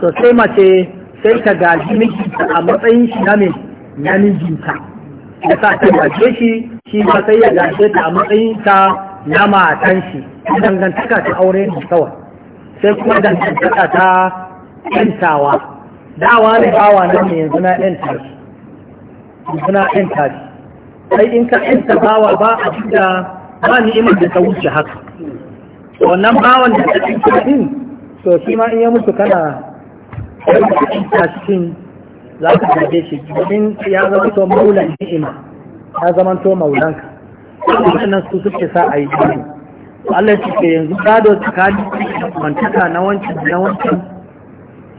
to sai mace sai ta gaji mijinta a matsayin shi na mai na mijinta ya sa ta gaje shi shi ma sai ya gaje ta a matsayin ta na matan shi dangantaka ta aure ne kawai sai kuma dangantaka ta yantawa dawa ne bawa nan ne yanzu na yanta shi yanzu na yanta shi sai in ka yanta bawa ba a cikin ba ni'imar da ta wuce haka wannan bawan da ta cikin din to shi ma in ya mutu kana a cikin za ka gaje shi domin ya zama to maulan ni'ima ya zama to maulanka wannan su suke sa a yi gado Allah ya ce yanzu gado tsakanin mantaka na wancan na wancan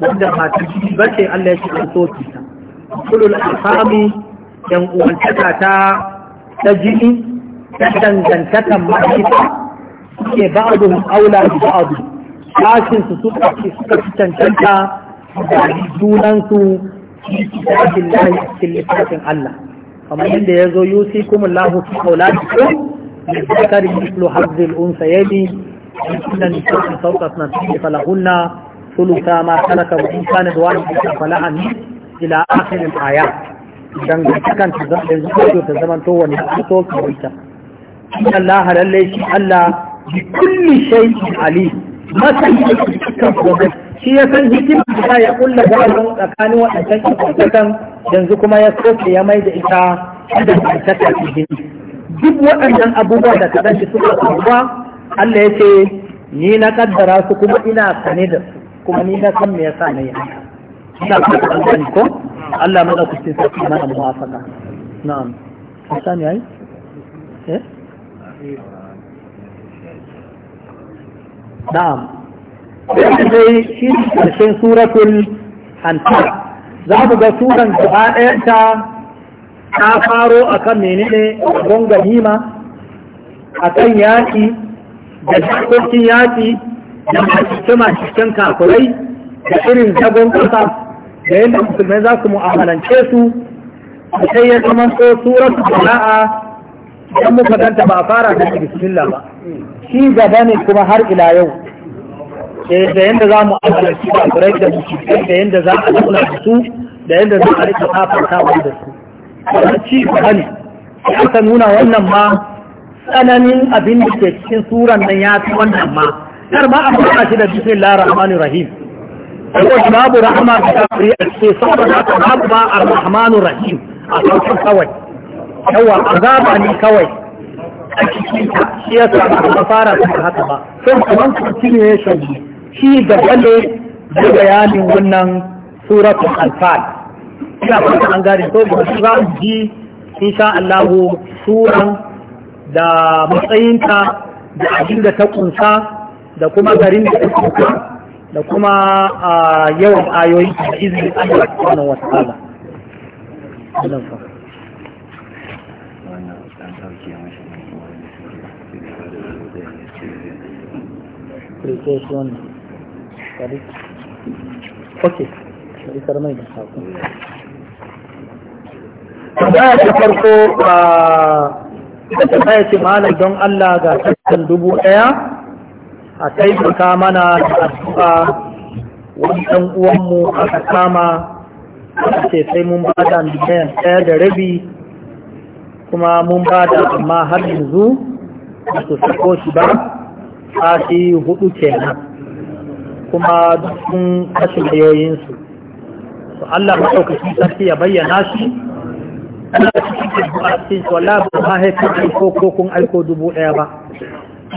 wanda ba ta ji bace Allah ya ce so ki ta kulul alhami yan uwantaka ta ta jini ta dangantakan ma'aikata suke ba'adun aula da ba'adu sashin su suka fi suka fi cancanta da junansu cikin lahi cikin littafin Allah kamar yadda ya zo yusi kuma lahu fi auladikum min zakari mislu hazzil unsayni in kunna nisaa'an fawqa ithnatayni falahunna thulutha ma taraka wa in kanat wahidatan falaha ila akhir al-ayat dan kan ta zama ta zama to wani to ko ita Allah halalle shi Allah bi شيء عليم ما كان da shi ya san hikima da ya kulla gano tsakanin waɗancan kwantakan yanzu kuma ya soke ya mai da ita da kwantaka cikin duk waɗannan abubuwa da kaɗan shi suka faruwa Allah ya ce ni na kaddara su kuma ina sane da su kuma ni na san me yasa na yi haka ina fata an sani ko Allah mana muwafaka na'am sai shi karshen suratul anfal za mu ga suran gaba ɗayanta ta faro a kan menene don ganima a kan yaƙi da shakokin yaƙi da masu kakurai da irin zagon ƙasa da yadda musulmai za su mu'amalance su sai ya zama so surar bala'a idan muka danta ba a fara da bismillah ba shi gaba ne kuma har ila yau eh, da yadda za mu ajiye su da kurai da su. da yadda za a zauna da su da yadda za a rika tafartawa da su wani ci gaba ne aka nuna wannan ma tsananin abin da ke cikin suran nan ya fi wannan ma kar ma a fara shi da bismillah rahmanu rahim saboda babu rahama da kafiri a cikin saboda haka babu ba a rahmanu rahim a sauƙin kawai yawa azaba ne kawai a cikin ta shi ya sa ba fara da haka ba sun kamar continuation ne shi da balle da bayanin wannan suratul anfal ina fata an gari to ba za mu ji insha Allah suran da matsayinta da abin da ta kunsa da kuma garin da ta da kuma ah, yawan ayoyi da izinin Allah subhanahu wa ta'ala. Allah rike shi wannan ok bari kar mai da saƙo ta farko a ah, ta tambaya ce malam don Allah ga tattalin dubu ɗaya a taimaka mana da addu'a wani uwanmu aka kama aka ce sai mun ba da miliyan ɗaya da rabi kuma mun ba da amma har yanzu ba su sako shi ba sashi hudu kenan kuma sun kashe layoyinsu to Allah maɗaukaki sarki ya bayyana shi Allah da cikin addu'a cikin shi wallahi ba ma haifin aiko ko kun aiko dubu ɗaya ba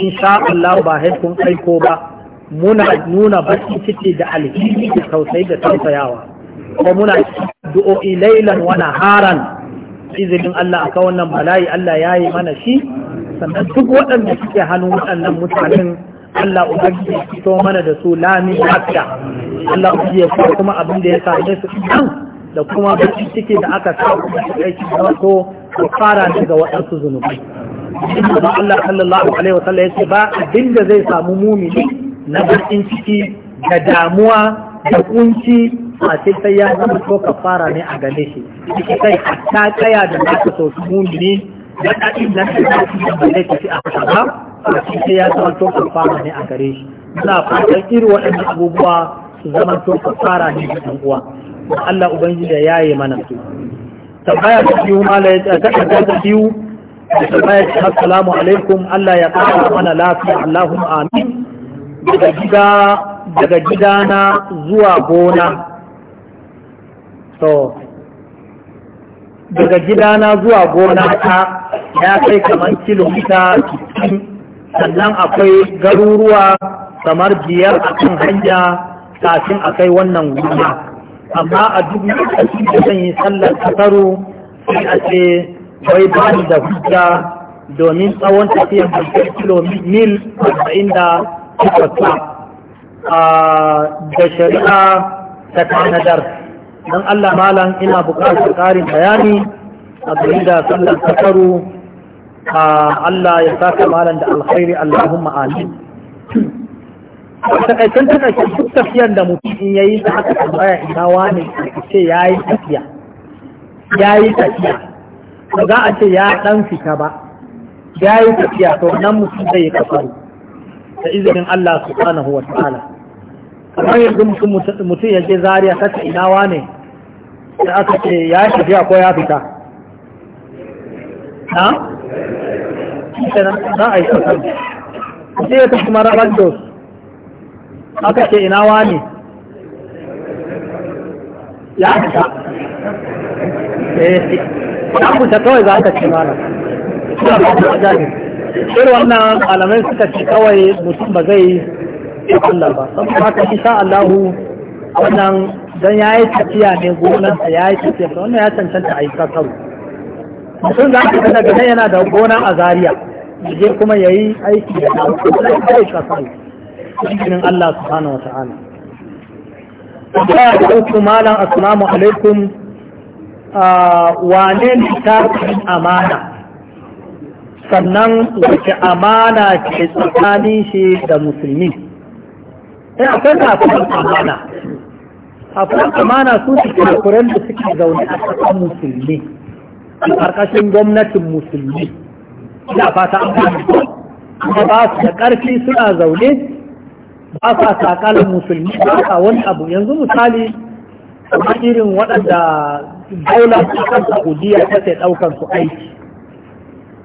in Allah ba haifin aiko ba muna nuna bakin ciki da alheri da tausayi da tausayawa ko muna du'o'i lailan wa naharan izinin Allah aka wannan bala'i Allah ya yi mana shi sannan duk waɗanda suke hannun waɗannan mutanen Allah ubangiji ya fito mana da su lami lafiya Allah ubangiji ya fito kuma abin da ya same su idan da kuma bakin ciki da aka sa da su aiki da ko su fara daga waɗansu zunubai inda Allah sallallahu alaihi wa sallam ya ce ba abin da zai samu mumini na bakin ciki da damuwa da kunci a ce sai ya zama ko kafara ne a gane shi sai a ta tsaya da za ka soki mumini dan daɗin nan da zafi da ba zai tafi a haka ba a shi ya zama to kafara ne a gare shi ina fatan irin waɗannan abubuwa su zama to fara ne ga ɗan uwa Allah ubangiji ya yaye mana su tabbaya ta biyu mala ya ta ta biyu da tabbaya ta assalamu alaikum Allah ya ƙara mana lafiya Allahumma amin daga gida daga gidana zuwa gona to daga gidana zuwa gona ta ya kai kamar kilomita 60 sannan akwai garuruwa kamar biyar a kan hanya kafin a kai wannan gona amma a duk lokacin da zan yi sallar kasaru sai a ce wai ba ni da hujja domin tsawon tafiyar bulgar mil 40 da kuka ah, da shari'a ta tanadar dan Allah malam ina buƙatar ƙarin bayani a game da sallar kasaru a Allah ya saka malam da alkhairi Allahumma amin takaicen takaicen duk tafiyar da mutum in yayi da aka tambaya ina wani ce yayi tafiya yayi tafiya ba za a ce ya dan fita ba yayi tafiya to nan mutum zai kafaru da izinin Allah subhanahu wa ta'ala kamar yadda mutum ya ce zariya ta inawa ne da aka ce ya tafiya ko ya fita na? za a yi kasar sai ya tafi marabar dos aka ce inawa ne ya fita eh, ya fita kawai za ka ce mara suna ba ta jami irin wannan alamai suka ce kawai mutum ba zai Allah ba saboda haka insha Allah wannan dan yi tafiya ne gonar sa yi tafiya wannan ya cancanta a yi sakaru mutum za ka ga daga yana da gona a Zariya je kuma ya yi aiki da nan kuma sai ka sani cikin Allah subhanahu wataala Allah ya ku malam assalamu alaikum ah, wane ne ta amana sannan wace amana ke tsakanin shi da musulmi sai eh, akwai kafiran amana kafiran amana su ne kafiran da suke zaune a ƙasar musulmi a ƙarƙashin gwamnatin musulmi ina fata an gane kuma ba su da ƙarfi suna zaune ba sa sakalin musulmi ba sa wani abu yanzu misali kamar irin waɗanda daula kan saudiya ta sai ɗaukar su aiki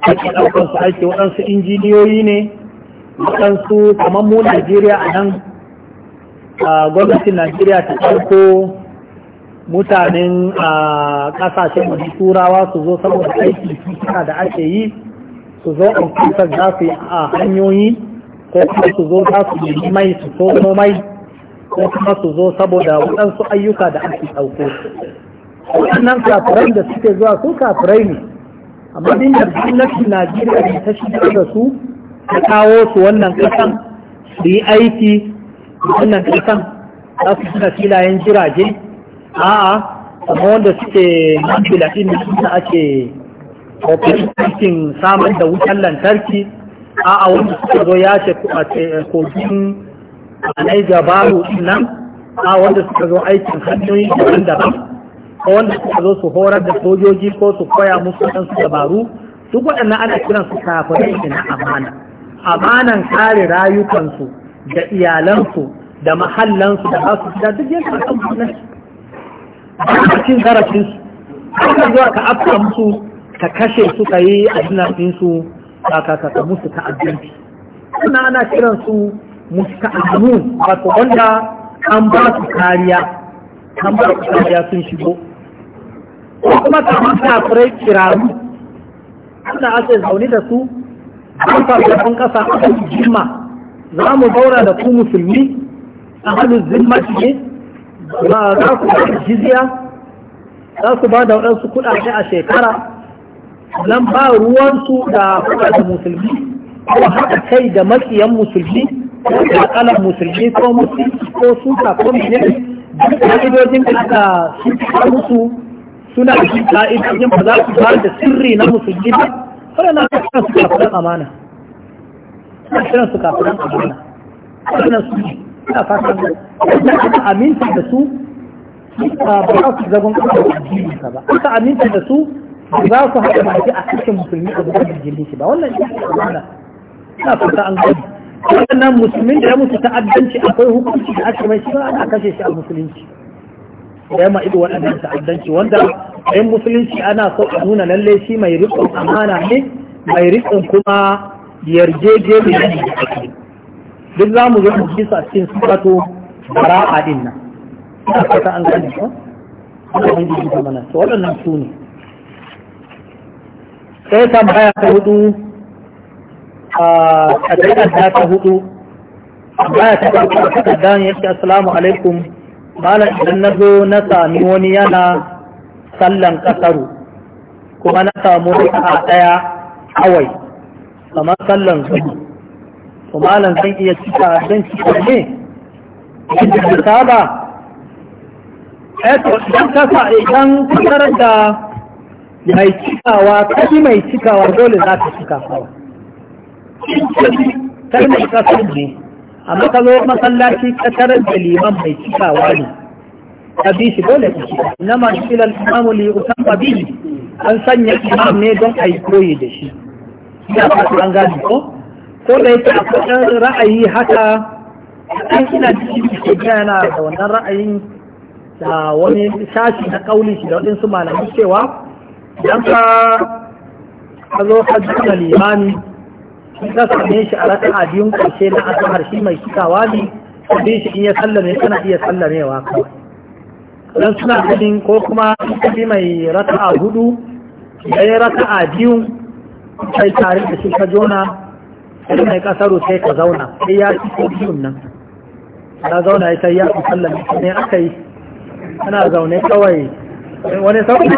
ake ɗaukar su aiki waɗansu injiniyoyi ne waɗansu kamar mu najeriya a nan a gwamnatin najeriya ta farko mutanen a ƙasashen wani turawa su zo saboda aiki suna da ake yi su zo a kusan za su yi a hanyoyi ko kuma su zo za su yi mai su tono mai ko kuma su zo saboda waɗansu ayyuka da ake ɗauko waɗannan kafirai da suke zuwa su kafirai ne amma inda gwamnatin najeriya ta shigar da su ta kawo su wannan ƙasan su yi aiki wannan kasan za su suna filayen jirage a'a kuma wanda suke mafilatin da suna ake ofishin samun da wutan lantarki a'a wanda suka zo ya ce eh, kogin a ba baro nan a wanda suka zo aikin hanyoyi daban-daban ko wanda suka zo su horar da sojoji ko su koya musu su dabaru duk waɗannan ana kiran su kafirai na amana amanan kare rayukansu da iyalansu da mahallansu da hasu da duk yanzu a kan gwamnati a cin zarafinsu ka zuwa ka afka musu ka kashe su ka yi addinansu ka ka musu abinci suna ana kiran su musta'anun wato wanda an ba su kariya an ba su kariya sun shigo ko kuma ka kamar kafirai kiraru suna ake zaune da su an faɗi kasa a kan jima za mu zauna da ku musulmi a halin zimmati ne ba za ku ba jizya za ku ba da waɗansu kuɗaɗe a shekara nan ba ruwansu da kuɗaɗe musulmi ko haɗa kai da matsiyan musulmi ko da musulmi ko musulmi ko suka ko menene duk da aka suka musu suna da ƙa'idojin ba za su ba da sirri na musulmi ba waɗanda aka suka faɗin amana suna kiran su kafiran amana suna su suna fatan da aminta da su ba za su zagon ƙasar addini ka ba suka aminta da su za su haɗa baki a cikin musulmi a zuwa jirgin shi ba wannan shi ne amana suna fata an gani wannan musulmin da ya mutu ta'addanci akwai hukunci da ake mai shi ba ana kashe shi a musulunci da yamma ido waɗannan ta'addanci wanda ɗayan musulunci ana so a nuna lallai shi mai riƙon amana ne mai riƙon kuma yarjejeniyar ne da ake duk za mu zo mu ji a cikin suratu bara'a din nan ina fata an gani ko ina an ji ta mana to waɗannan su ne sai tambaya ta hudu a takarda ta hudu baya ta ɗauki a takarda ya ce assalamu alaikum malam idan na zo na sami wani yana sallan kasaru kuma na samu a ɗaya kawai kamar sallan zuhu to malam zan iya cika zan cika ne yadda ka saba eto eh idan ka sa idan ka da mai cikawa kai mai cikawa dole za ka cika ta kai mai kasar ne amma ka zo masallaci ka tarar da liman mai cikawa ne ka bi shi dole ka cika na masu filal imamu li utamma an sanya imam ne don a yi da shi ina fata an gani ko ko da yake akwai ɗan ra'ayi haka an ina cikin shi yana da wannan ra'ayin da wani sashi na kauli shi da waɗansu malamai cewa idan ka ka zo ka juna limami ka same shi a raka'a biyun ƙarshe na azahar shi mai kitawa ne ka bi shi in ya sallame kana iya sallamewa kawai dan suna ganin ko kuma shi mai raka'a hudu da ya a biyun sai tare da shi ka zauna, sai mai kasaru sai ka zauna sai ya ci kofin nan na zauna ita ya fi sallan ne aka yi ana zaune kawai wani sauƙi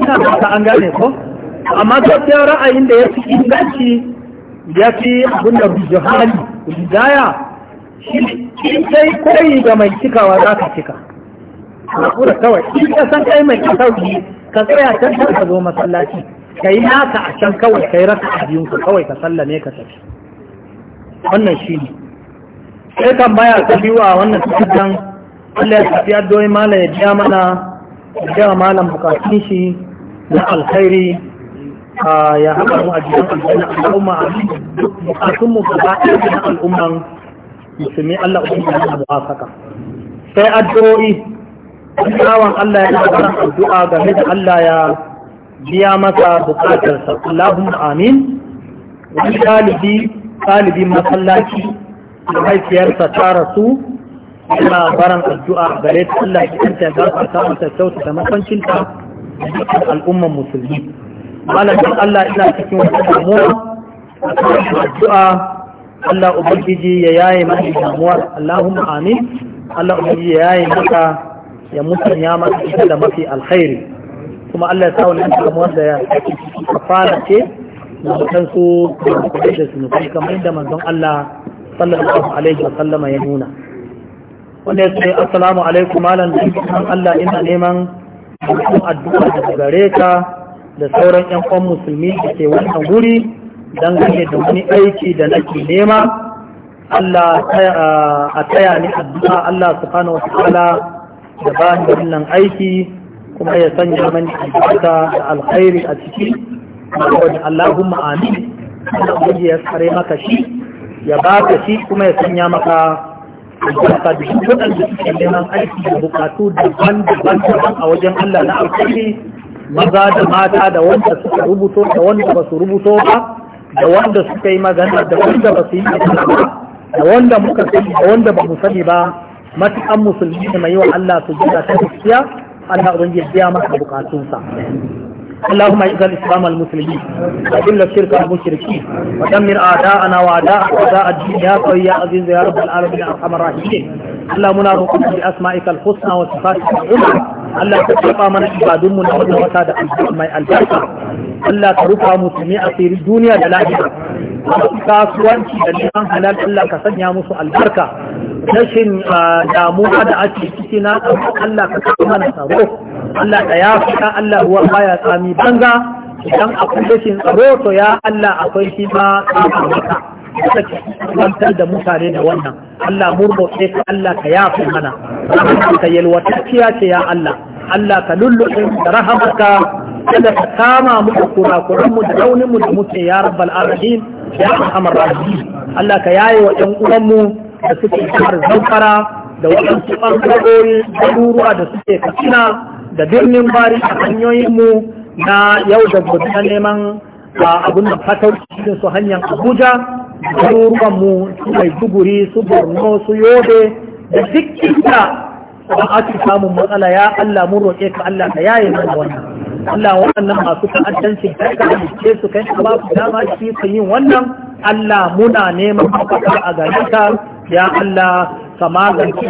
ina ta an gane ko amma gaskiya ra'ayin da ya fi inganci ya fi abin da rujuhani rujaya shi sai koyi ga mai cikawa za ka cika a kura kawai shi ka san kai mai kasauki ka tsaya can ka zo masallaci ka yi naka a can kawai ka yi raka a biyunku kawai ka sallame ka tafi wannan shi ne sai tambaya ta biyu a wannan cikin Allah ya tafi addu'o'i malam ya biya mana ya biya malam bukatun shi na alkhairi ya haɗa mu a jiyan al'umma a bukatun mu ba ba na al'umman musulmi Allah ubangiji ya muwafaka sai addu'o'i Wani Allah ya yi addu'a game da Allah ya biya masa bukatarsa Allahun amin wani ɗalibi ɗalibin masallaci da haifiyarsa ta rasu yana baran addu'a ga ta Allah ki kanta ya gafarta mata kyauta da makwancinta da dukkan al'umman musulmi malamin Allah ina cikin wata damuwa a cikin addu'a Allah Ubangiji ya yaye mata damuwar Allahumma amin Allah Ubangiji ya yaye mata ya musanya mata ita da mafi alkhairi kuma Allah ya tsawo nan kamar wanda ya kafara ce na mutan su da su nufi kamar da manzon Allah sallallahu alaihi sallama ya nuna wanda ya ce assalamu alaikum malam da kan Allah ina neman mutum addu'a daga gare ka da sauran yan uwan musulmi da ke wannan guri dangane da wani aiki da nake nema Allah a taya ni addu'a Allah subhanahu wa ta'ala da ba ni wannan aiki kuma ya sanya mani albarka da alkhairi a ciki wani Allahumma amin Kuma ubangi ya tsare maka shi ya ba ka shi kuma ya sanya maka albarka da shi waɗanda suke neman aiki da bukatu daban-daban a wajen Allah na alkhairi maza da mata da wanda suka rubuto da wanda ba su rubuto ba da wanda suka yi magana da wanda ba su yi magana ba da wanda muka sani da wanda ba mu sani ba matuƙan musulmi ne mai yi wa Allah su jira ta gaskiya Allah ubangiji ya masa bukatunsa اللهم اعز الاسلام المسلمين واذل الشرك المشركين ودمر اعداءنا واعداء اعداء الدين يا قوي يا عزيز يا رب العالمين ارحم الراحمين اللهم نرقب باسمائك الحسنى وصفاتك العلى الا تتقى من عبادهم من اول وسادة البركه الا ترفع مسلمي اسير الدنيا للاهره kasuwanci da neman halal Allah ka sanya musu albarka rashin ah, damuwa da ake ciki na Allah ka kawo mana tsaro Allah da ya fita Allah ruwa baya tsami banga idan akwai rashin tsaro to ya Allah akwai shi ma tsami maka sake kwantar da mutane da wannan Allah murbo sai ka Allah ka yafi mana ka yalwatacciya ce ya Allah Allah ka lulluɗe da rahamaka kada ka kama mu da kurakuranmu da launinmu da muke ya rabbal alamin ya arhamar rahimin Allah ka yaye wa ɗan uwanmu da suke kamar zamfara da waɗansu ɓangarori garuruwa da suke kasina da birnin bari a hanyoyinmu na yau da gobe na neman abin da fatar cikin su hanyar abuja garuruwan mu su mai duguri, su borno su yobe da duk inda ba a ci samun matsala ya allah mun roƙe ka allah ka yaye mana wannan allah waɗannan masu ta'addanci kai ka ce su kai ka ba ku dama shi su yin wannan allah muna neman ka a gare ka يا الله فما ذنبي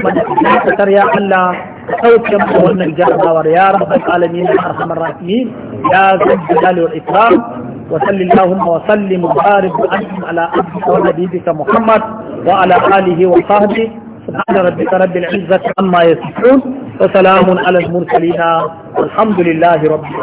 يا الله فأوكي مقول نجرب دور رب العالمين أرحم الراحمين يا ذا الجلال والإكرام وصل اللهم وسلم وبارك وأنعم على عبدك ونبيك محمد وعلى آله وصحبه سبحان ربك رب العزة عما يصفون وسلام على المرسلين والحمد لله رب العالمين